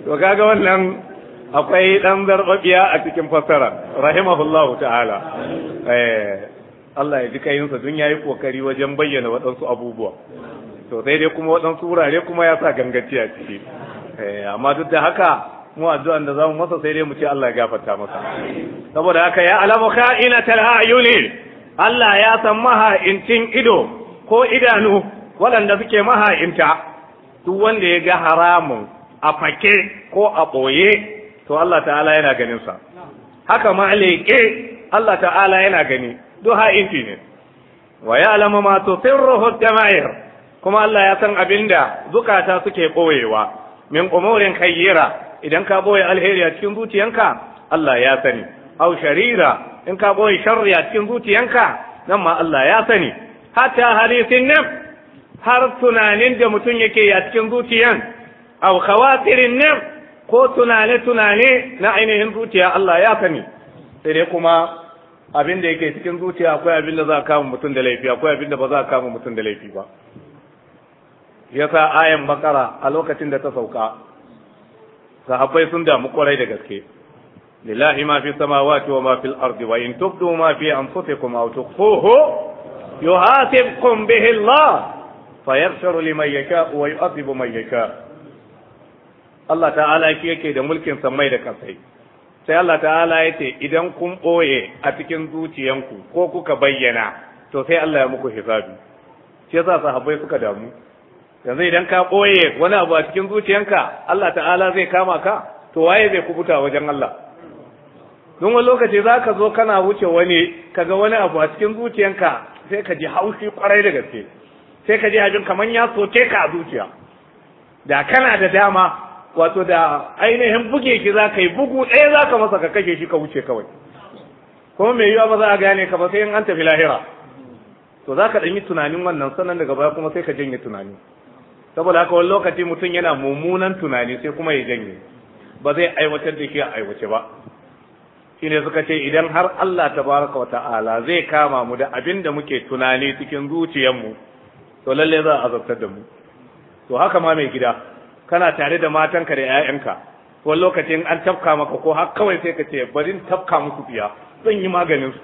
to kaga wannan akwai ɗan zarɓaɓiya a cikin fassara rahimahullahu ta'ala eh. Allah ya ji kayinsa don ya yi ƙoƙari wajen bayyana waɗansu abubuwa to sai dai kuma waɗansu wurare kuma ya sa gangaci a ciki eh, amma duk da haka mu addu'an da zamu masa sai dai mu ce Allah ya gafarta masa saboda haka ya alamu kha'inatal ayuni Allah ya san maha'incin ido ko idanu waɗanda suke maha'inta duk wanda ya ga haramun a fake ko a ɓoye to Allah ta'ala yana ganin sa haka ma leƙe Allah ta'ala yana gani duk ha'inci ne wa ya alama ma tusirruhu jamair kuma Allah ya san abinda zukata suke ɓoyewa min umurin kayyira idan ka boye alheri a cikin zuciyanka Allah ya sani au sharira in ka boye sharri a cikin zuciyanka nan ma Allah ya sani hatta hadisin nan har tunanin da mutum yake a cikin zuciyan au khawatirin nan ko tunane tunane na ainihin zuciya Allah ya sani sai dai kuma abin da yake cikin zuciya akwai abin da za a kama mutum da laifi akwai abin da ba za a kama mutum da laifi ba yasa ayan bakara a lokacin da ta sauka sahabbai sun damu kwarai da gaske lillahi ma fi samawati wa ma fil ardi wa in tubdu ma fi anfusikum aw tukhfuhu yuhasibkum bihi Allah fayaghfiru liman yasha wa yu'adhibu man yasha Allah ta'ala yake da mulkin samai da kasai sai Allah ta'ala ya ce idan kun ɓoye a cikin zuciyanku ko kuka bayyana to sai Allah ya muku hisabi shi yasa sahabbai suka damu yanzu idan ka ɓoye wani abu a cikin zuciyanka Allah ta'ala zai kama ka to waye zai kubuta wajen Allah don wani lokaci za ka zo kana wuce wani kaga wani abu a cikin zuciyanka sai ka ji haushi kwarai da gaske sai ka ji hajin kamar ya soke ka a zuciya da kana da dama wato da ainihin buge ki za ka yi bugu ɗaya za ka masa ka kashe shi ka wuce kawai kuma mai yiwa ba za a gane ka ba sai in an tafi lahira to za ka ɗanyi tunanin wannan sannan daga baya kuma sai ka janye tunani saboda haka wani lokaci mutum yana mummunan tunani sai kuma ya janye ba zai aiwatar da shi a aiwace ba shine suka ce idan har Allah tabaraka wa ta'ala zai kama mu da abin da muke tunani cikin zuciyarmu to lalle za a azabtar da mu to haka ma mai gida kana tare da matanka da 'ya'yanka wani lokacin an tafka maka ko har kawai sai ka ce bari tafka musu biya zan yi maganin su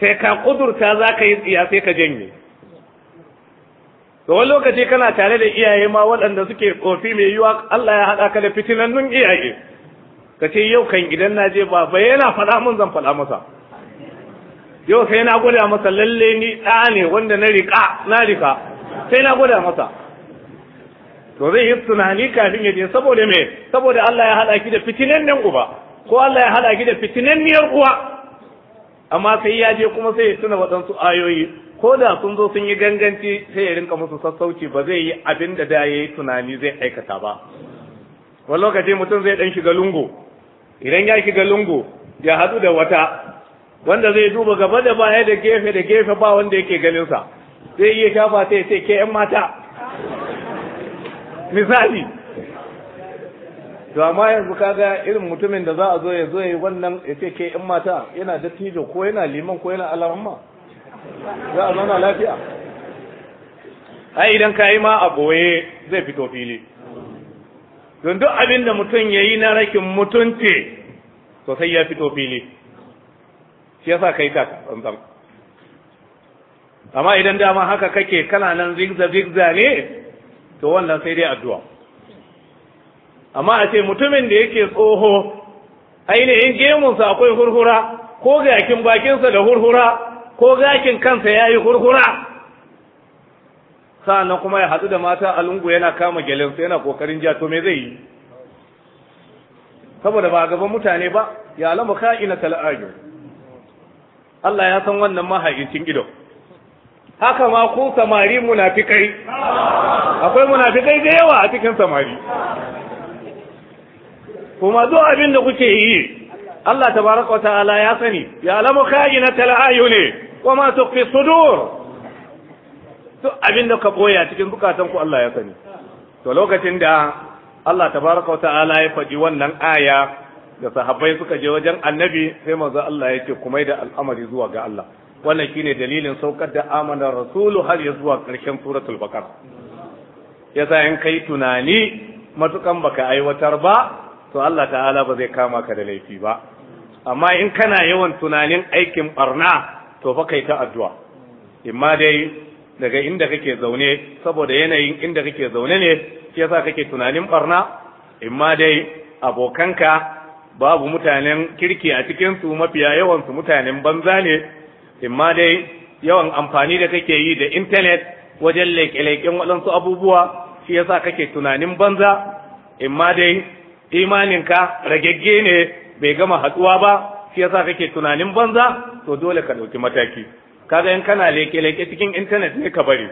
sai ka kudurta za ka yi tsiya sai ka janye da wani lokaci kana tare da iyaye ma waɗanda suke kofi mai yiwa Allah ya haɗa ka da fitinannun iyaye ka ce yau kan idan na je baba yana faɗa mun zan faɗa masa yau sai na gwada masa lalle ni ɗa ne wanda na riƙa na riƙa sai na gwada masa to zai yi tunani kafin ya je saboda me saboda Allah ya hada ki da fitinannen uba ko Allah ya hada ki da fitinanniyar uwa amma sai ya je kuma sai ya tuna waɗansu ayoyi ko da sun zo sun yi ganganci sai ya rinka musu sassauci ba zai yi abin da da ya yi tunani zai aikata ba wani lokaci mutum zai ɗan shiga lungu idan ya shiga lungu ya hadu da wata wanda zai duba gaba da baya da gefe da gefe ba wanda yake ganinsa zai iya shafa sai sai ke 'yan mata misali to amma yanzu kaga irin mutumin da za a zo ya zo ya wannan ya ce ke in mata yana dattijo ko yana liman ko yana al'amma za a zauna lafiya ai idan ka yi ma a boye zai fito fili don duk abin da mutum ya yi na rakin mutunci to sai ya fito fili shi yasa kai ta tsantsan amma idan dama haka kake kana nan zigza zigza ne to wannan sai dai addu'a amma a ce mutumin da yake tsoho ainihin gemunsa akwai hurhura ko gakin bakinsa da hurhura ko gakin kansa ya yi hurhura sa'annan kuma ya haɗu da mata a lungu yana kama gelinsa yana ƙoƙarin ja to me zai yi saboda ba gaban mutane ba ya alama ka'ina tal'ajo Allah ya san wannan mahaicin ido haka ma ku samari munafikai akwai munafikai da yawa a cikin samari kuma zo abin da kuke yi Allah tabaraka ta'ala ya sani ya alamu tal ayuni wa ma tukhfi sudur to abin da ka boya cikin bukatan ku Allah ya sani to lokacin da Allah tabaraka ta'ala ya faɗi wannan aya da sahabbai suka je wajen annabi sai manzo Allah yake kuma da al'amari zuwa ga Allah wannan shine dalilin saukar da amana rasulu har ya zuwa ƙarshen suratul Ya yasa in kai tunani matukan baka aiwatar ba to Allah ta'ala ba zai kama ka da laifi ba amma in kana yawan tunanin aikin barna to fa kai ta addu'a imma dai daga inda kake zaune saboda yanayin inda kake zaune ne shi yasa kake tunanin barna imma dai abokanka babu mutanen kirki a cikin su mafiya yawan su mutanen banza ne imma dai yawan amfani da kake yi da intanet wajen leke leƙen waɗansu abubuwa shi yasa kake tunanin banza imma dai imaninka ragegge ne bai gama haɗuwa ba shi yasa kake tunanin banza to dole ka ɗauki mataki kaga in kana leke-leke cikin intanet ne ka bari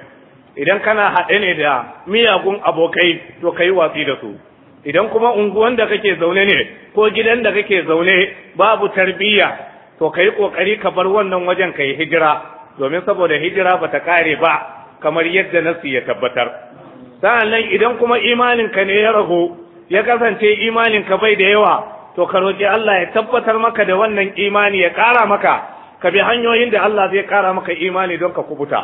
idan kana haɗe ne da miyagun abokai to ka yi watsi da su idan kuma unguwan da kake zaune ne ko gidan da kake zaune babu tarbiyya to ka yi ƙoƙari ka bar wannan wajen ka yi hijira domin saboda hijira ba ta ƙare ba kamar yadda nasu ya tabbatar sa'annan idan kuma imaninka ne ya ragu ya kasance imaninka bai da yawa to ka roƙi Allah ya tabbatar maka da wannan imani ya ƙara maka ka bi hanyoyin da Allah zai ƙara maka imani don ka kubuta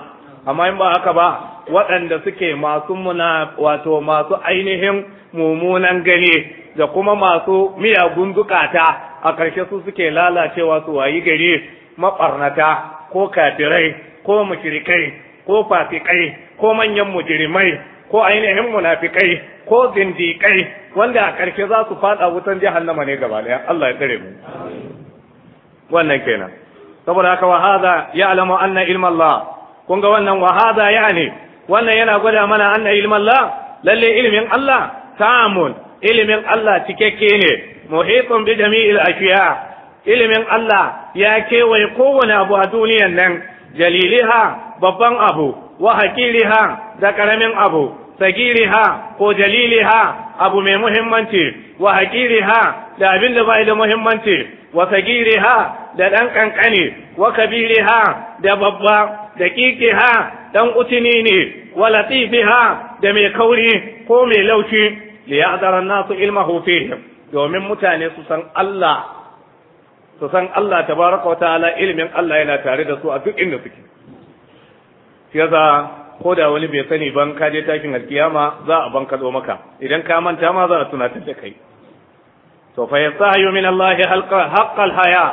amma in ba haka ba waɗanda suke masu muna wato masu ainihin mummunan gani da kuma masu miyagun zukata a ƙarshe su suke lalacewa su wayi gari maɓarnata ko kafirai ko mushrikai ko fafiƙai, ko manyan mujrimai ko ainihin munafikai ko zindiƙai wanda a ƙarshe za su faɗa wutan jahannama ne gaba ɗaya Allah ya tsare mu wannan kenan saboda haka wa hadha ya'lamu anna ilma Allah kun ga wannan wa hadha yani wannan yana gwada mana anna ilma Allah lalle ilimin Allah ta'amun ilimin Allah cikakke ne muhitun bi jami'il ashiya ilimin Allah ya kewaye kowane abu a duniyan nan jaliliha babban abu wa hakiliha da karamin abu sagiriha ko jaliliha abu mai muhimmanci wa da abin da bai da muhimmanci wa sagiriha da ɗan ƙanƙani wa kabiriha da babba da ƙiƙiha ɗan utini ne wa latifiha da mai kauri ko mai laushi li ya'dara nasu ilmahu fihim domin mutane su san Allah su san Allah tabaraka wa ta'ala ilimin Allah yana tare da su a duk inda suke yaza ko da wani bai sani ban ka je takin alkiyama za a ban zo maka idan ka manta ma za a tunatar da kai to fa yasayu min Allah haqqal haya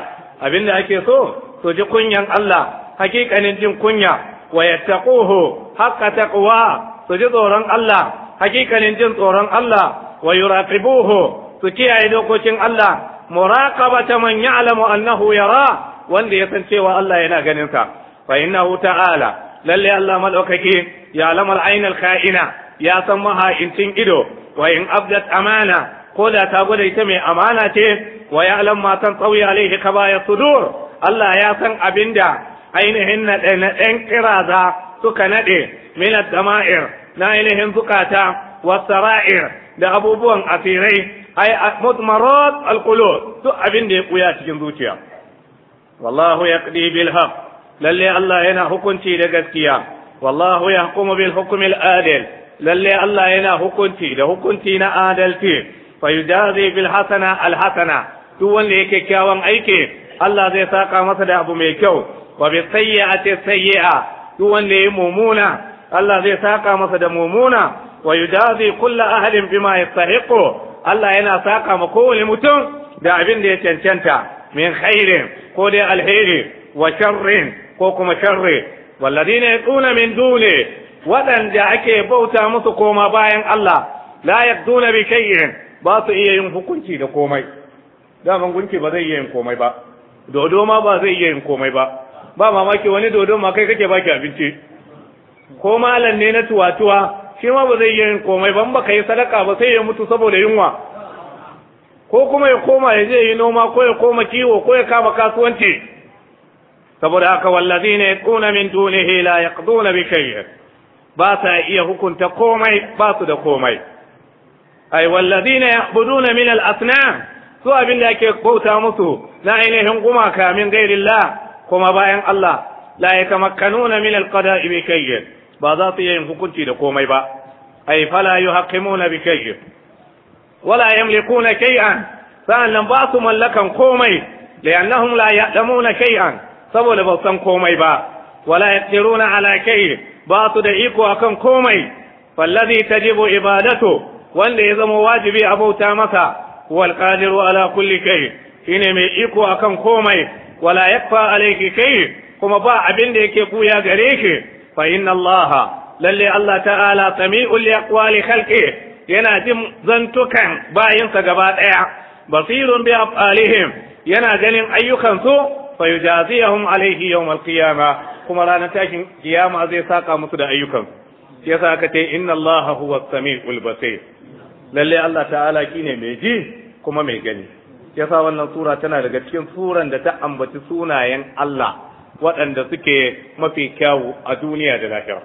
abinda ake so to ji kunyan Allah hakikanin jin kunya wa yattaquhu haqqa taqwa su ji tsoron Allah hakikanin jin tsoron Allah wa yuraqibuhu su kiyaye dokokin Allah muraqabata man ya'lamu annahu yara wanda ya san cewa Allah yana ganin sa fa innahu ta'ala lalle Allah madaukake ya lamal ainal kha'ina ya san maha'incin ido wa in abdat amana ko da ta gwada ita mai amana ce wa ya'lam ma tan tsawi alaihi kabaya sudur Allah ya san abinda ainihin na ɗan kiraza suka naɗe min dama'ir na ainihin zukata wasara'ir da abubuwan asirai ay mutmarat alqulub duk abin da ya kuya cikin zuciya wallahu yaqdi bil haqq lalle Allah yana hukunci da gaskiya wallahu yahkumu bil hukmi al adil lalle Allah yana hukunci da hukunci na adalci fa yujazi bil hasana al hasana duk wanda yake kyawun aiki Allah zai saka masa da abu mai kyau wa bi sayyi'ati sayyi'a duk wanda yayi mumuna Allah zai saka masa da mumuna wa yujazi kullu ahadin bima yastahiqu Allah yana saka ma kowane mutum da abin da ya cancanta min khairin ko dai alheri wa sharrin ko kuma sharri walladina yaquna min duni waɗanda ake bauta musu koma bayan Allah la yaqduna bi shay'in ba su iya yin hukunci da komai ban gunki ba zai iya yin komai ba dodo ma ba zai iya yin komai ba ba mamaki wani dodo ma kai kake baki abinci ko malam ne na tuwatuwa shi ma ba zai iya yin komai ba baka yi sadaka ba sai ya mutu saboda yunwa ko kuma ya koma ya je yi noma ko ya koma kiwo ko ya kama kasuwanci saboda haka ya kuna min dunihi la yaqduna bi kai, ba sa iya hukunta komai ba su da komai ai wallazina ya'buduna min al-asnam su abin da ake bauta musu na ainihin gumaka min la kuma bayan Allah la nuna min al-qada'i bi ba za su iya yin hukunci da komai ba ay fala yuhaqimuna bi kai. wala yamlikuna shay'an sa'annan ba su mallakan komai li'annahum la kai an? saboda ba san komai ba wala yaqdiruna ala kai ba su da iko akan komai fallazi jibo ibadatu wanda ya zama wajibi a bauta masa wal qadiru ala kulli kai shine mai iko akan komai wala fa alaiki kai kuma ba abin da yake buya gare shi. fa inna allaha lalle allah ta'ala sami'ul liaqwali khalqi yana jin zantukan bayinsa gaba daya basirun bi afalihim yana ganin ayyukan su fa yujazihum alayhi yawm alqiyama kuma ranar tashin kiyama zai saka musu da ayyukan yasa aka ce inna allaha huwa sami'ul basir lalle allah ta'ala kine mai ji kuma mai gani yasa wannan sura tana daga cikin suran da ta ambaci sunayen Allah waɗanda suke mafi kyawu a duniya da lahira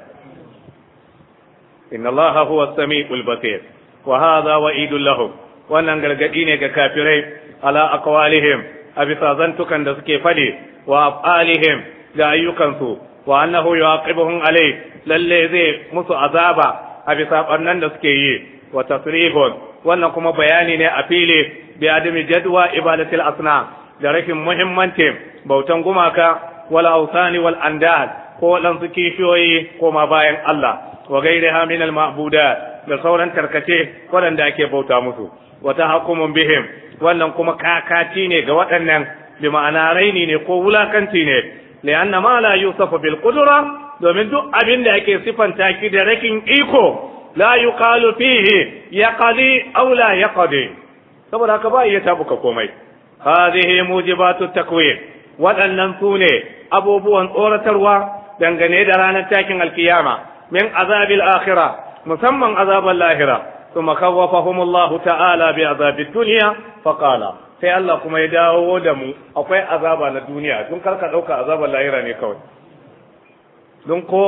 inna allaha huwa samiul basir wa hadha lahum wannan gargadi ne ga kafirai ala aqwalihim a bisa zantukan da suke fadi wa af'alihim da ayyukansu wa annahu yu'aqibuhum alai lalle zai musu azaba a bisa barnan da suke yi wa tasrihun wannan kuma bayani ne a fili bi adami jadwa ibadatil asna da rashin muhimmancin bautan gumaka wal awsani wal andad ko waɗansu kishiyoyi ko ma bayan Allah wa gairiha min al da sauran tarkace waɗanda ake bauta musu wata tahakkumun bihim wannan kuma kakaci ne ga waɗannan bi ma'ana raini ne ko wulakanci ne li'anna ma la yusafu bil qudra domin duk abin da ake sifanta ki da rakin iko la yuqalu fihi yaqdi aw la yaqdi saboda haka ba iya tabuka komai hadhihi mujibatu takwir waɗannan su ne abubuwan tsoratarwa dangane da ranar takin alkiyama min azabil akhira musamman azabar lahira kuma khawwafahum Allah ta'ala bi azabid dunya faqala sai Allah kuma ya dawo da mu akwai azaba na duniya don karka dauka azabar lahira ne kawai don ko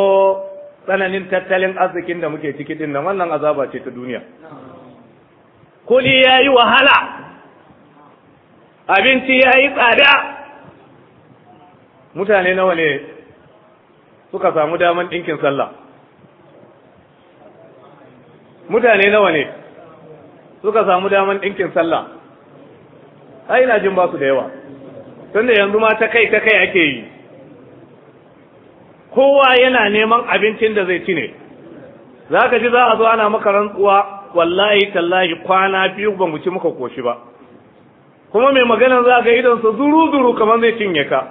tsananin tattalin arzikin da muke ciki din nan wannan azaba ce ta duniya kuli yayi wahala abinci yayi tsada mutane nawa ne suka samu daman ɗinkin sallah mutane nawa ne suka samu daman ɗinkin sallah ai ina jin ba su da yawa tunda yanzu ma ta kai ta kai ake yi kowa yana neman abincin da zai ci ne za ka ji za a zo ana maka rantsuwa wallahi tallahi kwana biyu ba mu ci muka koshi ba kuma mai maganar za ga sa zuru zuru kamar zai cinye ka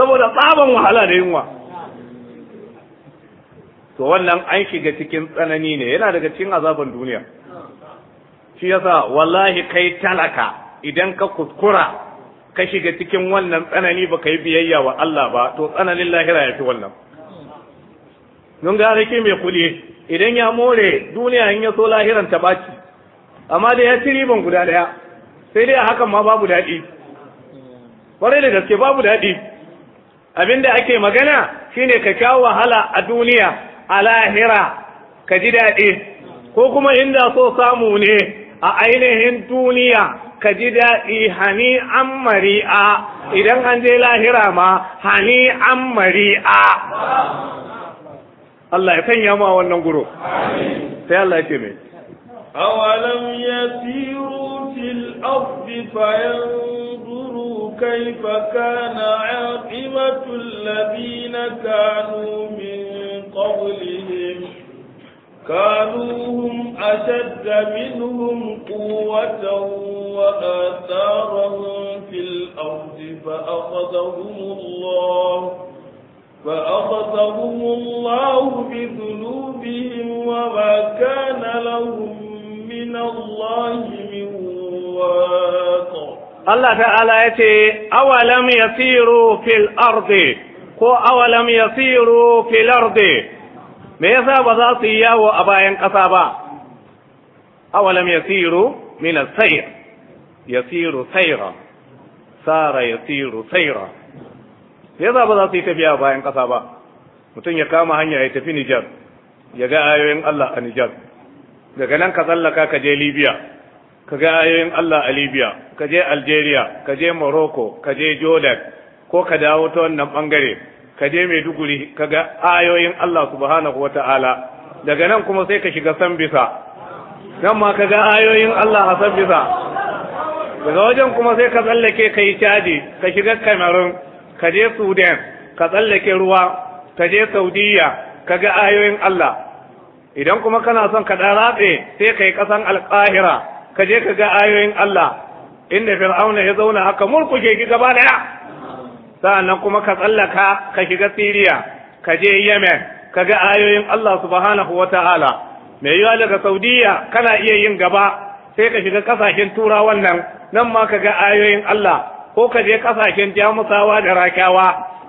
saboda tsaban wahala da yunwa to wannan an shiga cikin tsanani ne yana daga cikin azaban duniya shi yasa wallahi kai talaka idan ka kuskura ka shiga cikin wannan tsanani ba ka yi biyayya wa Allah ba to tsananin lahira ya fi wannan don gare ki mai kuli idan ya more duniya in ya so lahiran ta baci amma da ya ci riban guda daya sai dai a hakan ma babu daɗi kwarai da gaske babu daɗi abinda ake magana shine ka sha wahala a duniya a lahira ka ji daɗi ko kuma inda so samu ne a ainihin duniya ka ji daɗi hani an mari'a idan an je lahira ma hani an mari'a Allah ya sanya mu a wannan guro sai Allah ya ce mai awalam yasiru fil ardi fayan كيف كان عاقبة الذين كانوا من قبلهم كانوا هم أشد منهم قوة وآثارا في الأرض فأخذهم الله فأخذهم الله بذنوبهم وما كان لهم من الله من واقع Allah ta'ala ya ce awalam yasiru fil ardi ko awalam yasiru fil ardi me yasa ba za su yi yawo a bayan ƙasa ba awalam yasiru mina as-sayr yasiru Saira. sara yasiru sayra yasa ba za su yi tafiya a bayan ƙasa ba mutum ya kama hanya ya tafi Nijar ya ga ayoyin Allah a Nijar daga nan ka tsallaka ka je Libya ka ga ayoyin Allah a Libya ka je Algeria ka je Morocco ka je Jordan ko ka dawo ta wannan bangare ka je Maiduguri ka ga ayoyin Allah subhanahu wata'ala daga nan kuma sai ka shiga Sambisa nan ma ka ga ayoyin Allah a Sambisa daga wajen kuma sai ka tsallake ka yi caji, ka shiga Cameroon ka je Sudan ka tsallake ruwa ka je Saudiya ka ga ayoyin Allah idan kuma kana son ka ɗan ratse sai ka yi ƙasan alƙahira ka je ka ga ayoyin Allah inda fir'auna ya zauna aka ke ki gaba daya nan kuma ka tsallaka ka shiga Siriya ka je Yemen ka ga ayoyin Allah subhanahu wata'ala mai yiwa daga Saudiya kana iya yin gaba sai ka shiga kasashen turawan nan nan ma ka ga ayoyin Allah ko ka je kasashen jamusawa da rakawa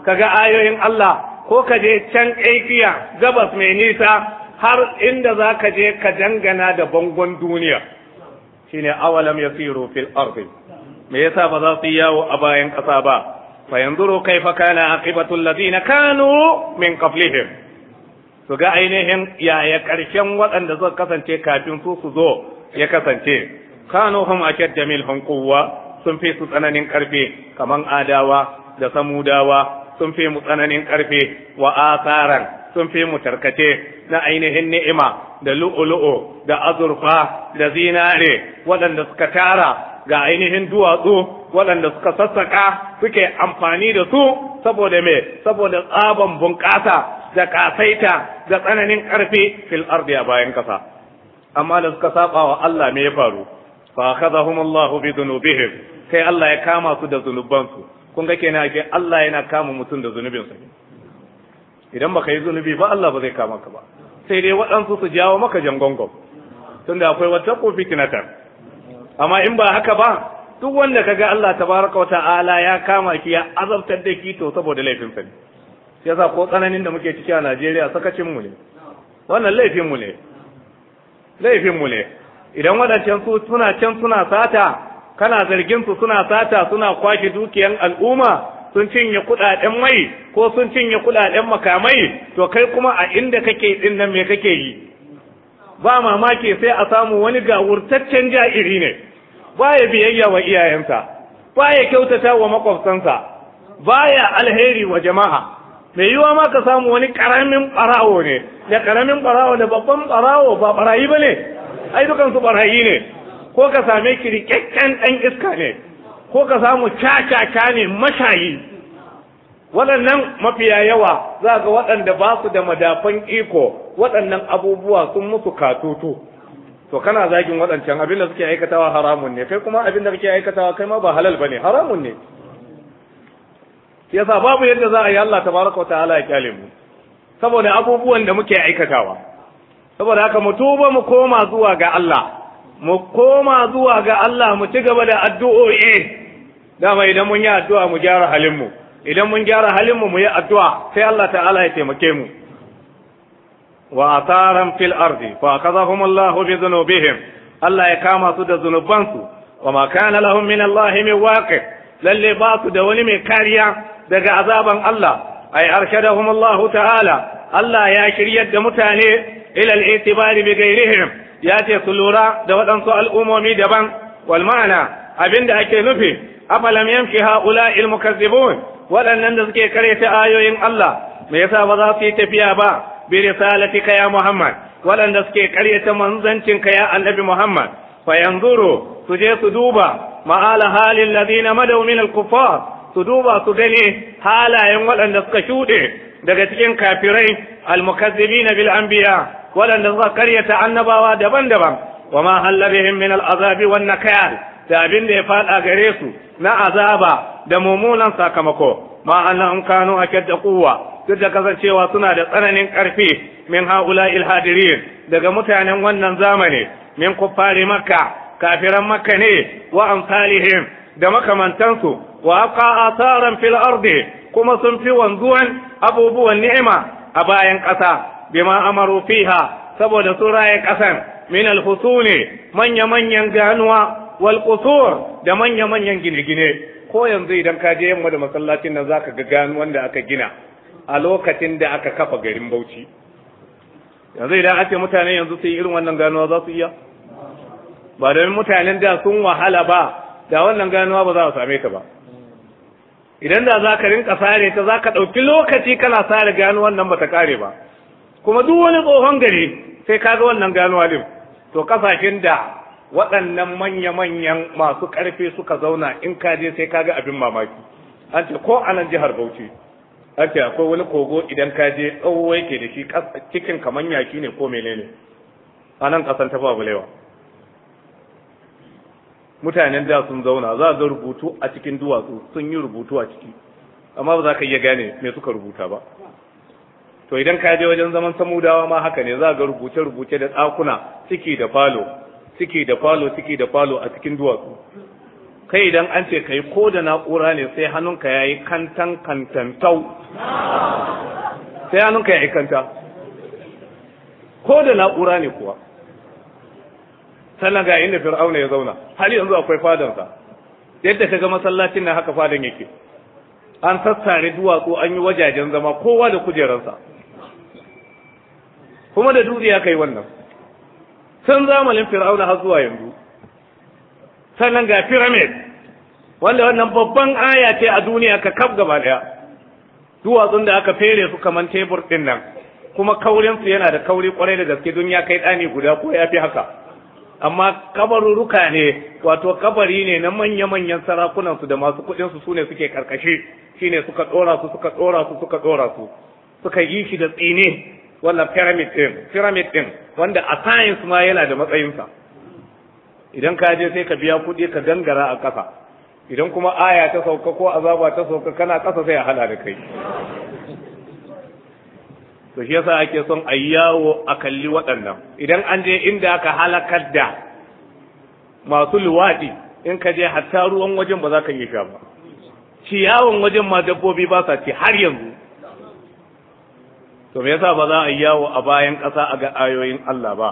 ka ga ayoyin Allah ko ka je can aikiya gabas mai nisa har inda za ka je ka dangana da bangon duniya shine awalam yasiru fil ardi me yasa ba za su yawo a bayan kasa ba fa yanzuru kaifa kana aqibatu alladhina kanu min qablihim su ga ainihin yaya ƙarshen waɗanda suka kasance kafin su su zo ya kasance kanu hum ashadda minhum quwwa sun fi su tsananin karfe kaman adawa da samudawa sun fi mu tsananin karfe wa asaran sun fi mu tarkace na ainihin ni'ima da lu'ulu'u da azurfa da zinare waɗanda suka tara ga ainihin duwatsu waɗanda suka sassaƙa suke amfani da su saboda me saboda tsaban bunƙasa da ƙasaita da tsananin ƙarfi fil ardi a bayan ƙasa amma da suka saba wa Allah me ya faru fa akhadhahum Allahu bi dhunubihim sai Allah ya kama su da zunubansu kun ga kenan ake Allah yana kama mutum da zunubinsa idan baka yi zunubi ba Allah ba zai kama ka ba sai dai waɗansu su jawo maka jan jangongon tunda akwai wata ko fitinata amma in ba haka ba duk wanda kaga Allah tabaraka wa ta'ala ya kama ki ya azabtar da ki to saboda laifin sa ne yasa ko tsananin da muke ciki a Najeriya sakacin mu ne wannan laifin mu ne laifin mu ne idan waɗancan su suna can suna sata kana zargin su suna sata suna kwashe dukiyan al'umma sun cinye kudaden mai ko sun cinye kudaden makamai to kai kuma a inda kake din nan me kake yi ba mamaki sai a samu wani gawurtaccen ja'iri ne ba ya biyayya wa iyayensa ba ya kyautata wa makwabtansa ba ya alheri wa jama'a mai yiwa ma ka samu wani karamin barawo ne da karamin barawo da babban barawo ba barayi ba ne ai dukansu barayi ne ko ka same ki rikakken ɗan iska ne ko ka samu caca ne mashayi waɗannan mafiya yawa za ga waɗanda ba su da madafan iko waɗannan abubuwa sun musu katutu to kana zagin waɗancan abin da suke aikatawa haramun ne kai kuma abin da kake aikatawa kai ma ba halal bane haramun ne yasa babu yadda za a yi Allah tabaraka wa ta'ala ya kyale mu saboda abubuwan da muke aikatawa saboda haka mu tuba mu koma zuwa ga Allah mu koma zuwa ga Allah mu ci gaba da addu'o'i dama idan mun yi addu'a mu gyara halinmu idan mun gyara halinmu mu yi addu'a sai Allah ta'ala ya taimake mu wa ataram fil ardi fa akazahum Allah bi dhunubihim Allah ya kama su da zunubansu wa ma kana lahum min Allah min waqi lalle ba su da wani mai kariya daga azaban Allah ay arshadahum Allah ta'ala Allah ya shiryar da mutane ila al-i'tibari bi ghairihim ya ce su lura da waɗansu al'umomi daban wal ma'ana abinda ake nufi afalam yamshi haula il mukazzibun waɗannan da suke karyata ayoyin Allah me yasa ba za su yi tafiya ba bi risalatika ya Muhammad waɗanda suke karyata manzancin ka ya Annabi Muhammad fa yanzuru su je su duba ma'ala halin ladina madaw min al-kuffar su duba su gani halayen waɗanda suka shuɗe daga cikin kafirai almukazzibina bil anbiya waɗanda suka karyata annabawa daban-daban wa ma halla bihim min al'azabi wan nakal da abin da ya faɗa gare su na azaba da mumunan sakamako ma annahum kanu akadda quwwa duk da kasancewa suna da tsananin karfi min haula ilhadirin daga mutanen wannan zamani min kuffari makka kafiran makka ne wa amsalihim da makamantansu wa aqa asaran fil ardi kuma sun fi wanzuwan abubuwan ni'ima a bayan ƙasa bima amaru fiha saboda sun raye ƙasan min alhusuni manya-manyan ganuwa wal qusur da manya manyan gine-gine ko yanzu idan ka je yamma da masallacin nan zaka ga gano wanda aka gina a lokacin da aka kafa garin Bauchi yanzu idan ake mutane yanzu sai irin wannan ganuwa za su iya ba da mutanen da sun wahala ba da wannan ganuwa ba za a same ta ba idan da za ka rinka sare ta za ka ɗauki lokaci kana sare ganuwan nan ba ta kare ba kuma duk wani tsohon gari sai ka ga wannan ganuwa din to ƙasashen da waɗannan manya-manyan masu ƙarfi suka zauna in ka je sai kaga abin mamaki an ce ko anan jihar Bauchi an ce akwai wani kogo idan ka je tsawo yake da shi cikin kamar yaki ne ko menene a nan ƙasan ta babulewa mutanen da sun zauna za ga rubutu a cikin duwatsu sun yi rubutu a ciki amma ba za ka iya gane me suka rubuta ba to idan ka je wajen zaman samudawa ma haka ne za ga rubuce-rubuce da ɗakuna ciki da falo suke da falo suke da falo a cikin duwatsu kai idan an ce kai ko da na'ura ne sai hannunka ya yi kantan kantantau sai hannunka ya yi kanta ko da na'ura ne kuwa sannan ga inda fir'auna ya zauna Hali yanzu akwai fadansa yadda ka ga masallacin na haka fadan yake an sassare duwatsu an yi wajajen zama kowa da kujeransa kuma da duniya kai wannan tun zamanin fir'auna har zuwa yanzu sannan ga pyramid wanda wannan babban aya ce a duniya ka kaf gaba daya duwatsun da aka fere su kamar tebur din nan kuma kaurinsu yana da kauri kwarai da gaske don ya kai ɗani guda ko ya haka amma kabaruruka ne wato kabari ne na manya-manyan sarakunansu da masu kuɗinsu su ne suke karkashe shine suka ɗora su suka ɗora su suka ɗora su suka yi shi da tsine wannan pyramid din pyramid din wanda a science ma yana da matsayinsa idan ka je sai ka biya kuɗi ka gangara a ƙasa idan kuma aya ta sauka ko azaba ta sauka kana ƙasa sai a hada da kai to shi yasa ake son a yawo a kalli waɗannan idan an je inda aka halakar da masu luwaɗi in ka je hatta ruwan wajen ba za ka iya sha ba ciyawan wajen ma dabbobi ba sa ci har yanzu to me yasa ba za a yi yawo a bayan ƙasa a ga ayoyin Allah ba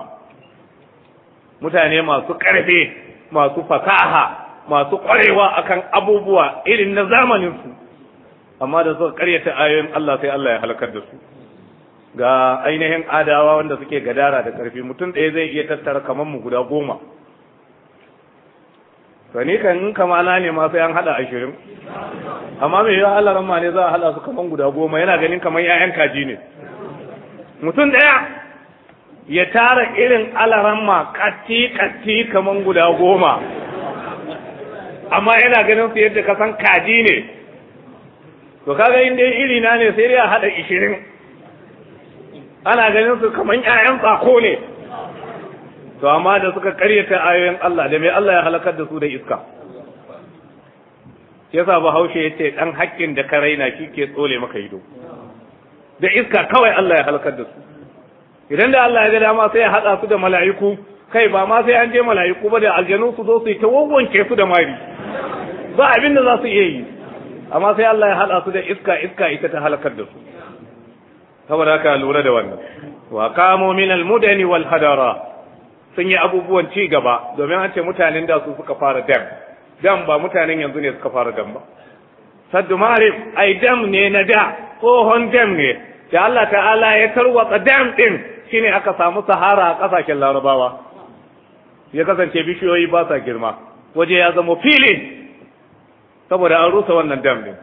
mutane masu ƙarfe masu fasaha masu ƙwarewa akan abubuwa irin na zamanin su amma da suka ƙaryata ayoyin Allah sai Allah ya halakar da su ga ainihin adawa wanda suke gadara da ƙarfi mutum ɗaya zai iya tattara kamar mu guda goma sani kan in kamala ne ma sai an hada ashirin amma mai yawa Allah ramma ne za a hada su kamar guda goma yana ganin kamar 'ya'yan kaji ne mutum ɗaya ya tara irin alaramma katti kati kaman guda goma amma yana ganin su yadda ka san kaji ne to kaga in dai iri na ne sai dai a hada ishirin ana ganin su kaman ƴaƴan tsako ne to amma da suka karyata ayoyin Allah da mai Allah ya halakar da su da iska yasa bahaushe ya ce ɗan haƙƙin da ka raina shi ke tsole maka ido da iska kawai Allah ya halakar da su idan da Allah ya ga dama sai ya haɗa su da mala'iku kai ba ma sai an je mala'iku ba da aljanu su zo su yi ta wawwanke su da mari ba abin da za su iya yi amma sai Allah ya haɗa su da iska iska ita ta halakar da su saboda haka lura da wannan wa qamu min al-mudani wal hadara sun yi abubuwan ci gaba domin an ce mutanen da su suka fara dam dam ba mutanen yanzu ne suka fara dam ba saddu ma'arif ai dam ne na da tsohon dam ne da Allah ta'ala ya tarwatsa dam din shine aka samu sahara a kasashen larabawa ya kasance bishiyoyi ba sa girma waje ya zama filin. saboda an rusa wannan dam din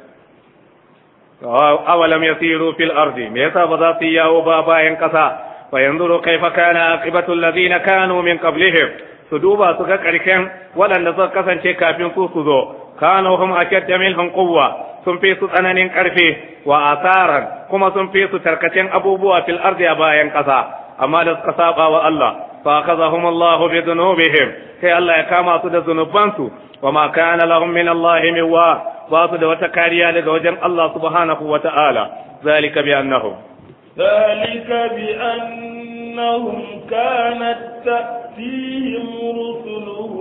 awalam yasiru fil ardi me yasa ba za su yawo ba bayan kasa fa yanzuru kaifa kana aqibatu alladhina kanu min qablihim su duba su ga karken waɗanda suka kasance kafin ku su zo kanu hum ashadda minhum quwwa sun fi su tsananin karfi wa asaran kuma sun fi su tarkacen abubuwa fil ardi a bayan kasa amma da suka saba wa Allah fa akhazahum Allah bi dhunubihim sai Allah ya kama su da zunubansu wa ma kana lahum min Allah min wa ba su da wata kariya daga wajen Allah subhanahu wa ta'ala zalika bi annahum zalika bi annahum kanat ta'tihim rusuluhum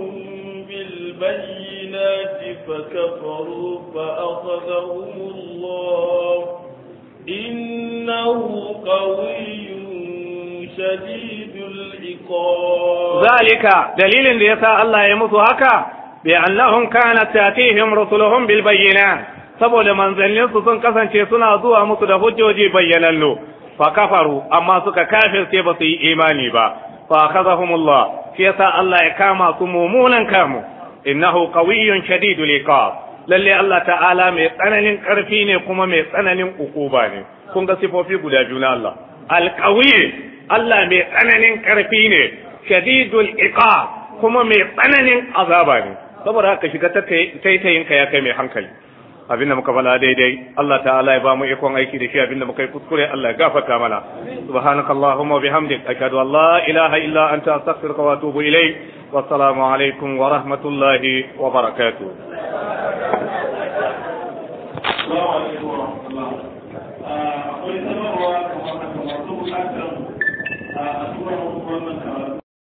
بالبينات فكفروا فأخذهم الله إنه قوي شديد العقاب ذلك دليل ليسا الله يموت هكا بأنهم كانت تأتيهم رسلهم بالبينات saboda manzanninsu sun kasance suna zuwa musu da hujjoji bayyanannu fa kafaru amma suka kafirce ba su yi imani ba fa kazahumullah shi yasa Allah ya kama su mumunan kamu innahu qawiyyun shadidul iqab lalle Allah ta'ala mai tsananin karfi ne kuma mai tsananin ukuba ne kun ga sifofi guda biyu na Allah alqawi Allah mai tsananin karfi ne shadidul iqab kuma mai tsananin azaba ne saboda haka shiga taitayin ka ya kai mai hankali abinda muka bala daidai Allah ta'ala ya ba mu ikon aiki da shi abinda muka yi kuskure Allah ya gafarta mana subhanakallahumma wa bihamdik ashhadu an la ilaha illa anta astaghfiruka wa atubu ilayk والسلام عليكم ورحمة الله وبركاته السلام عليكم ورحمة الله آه،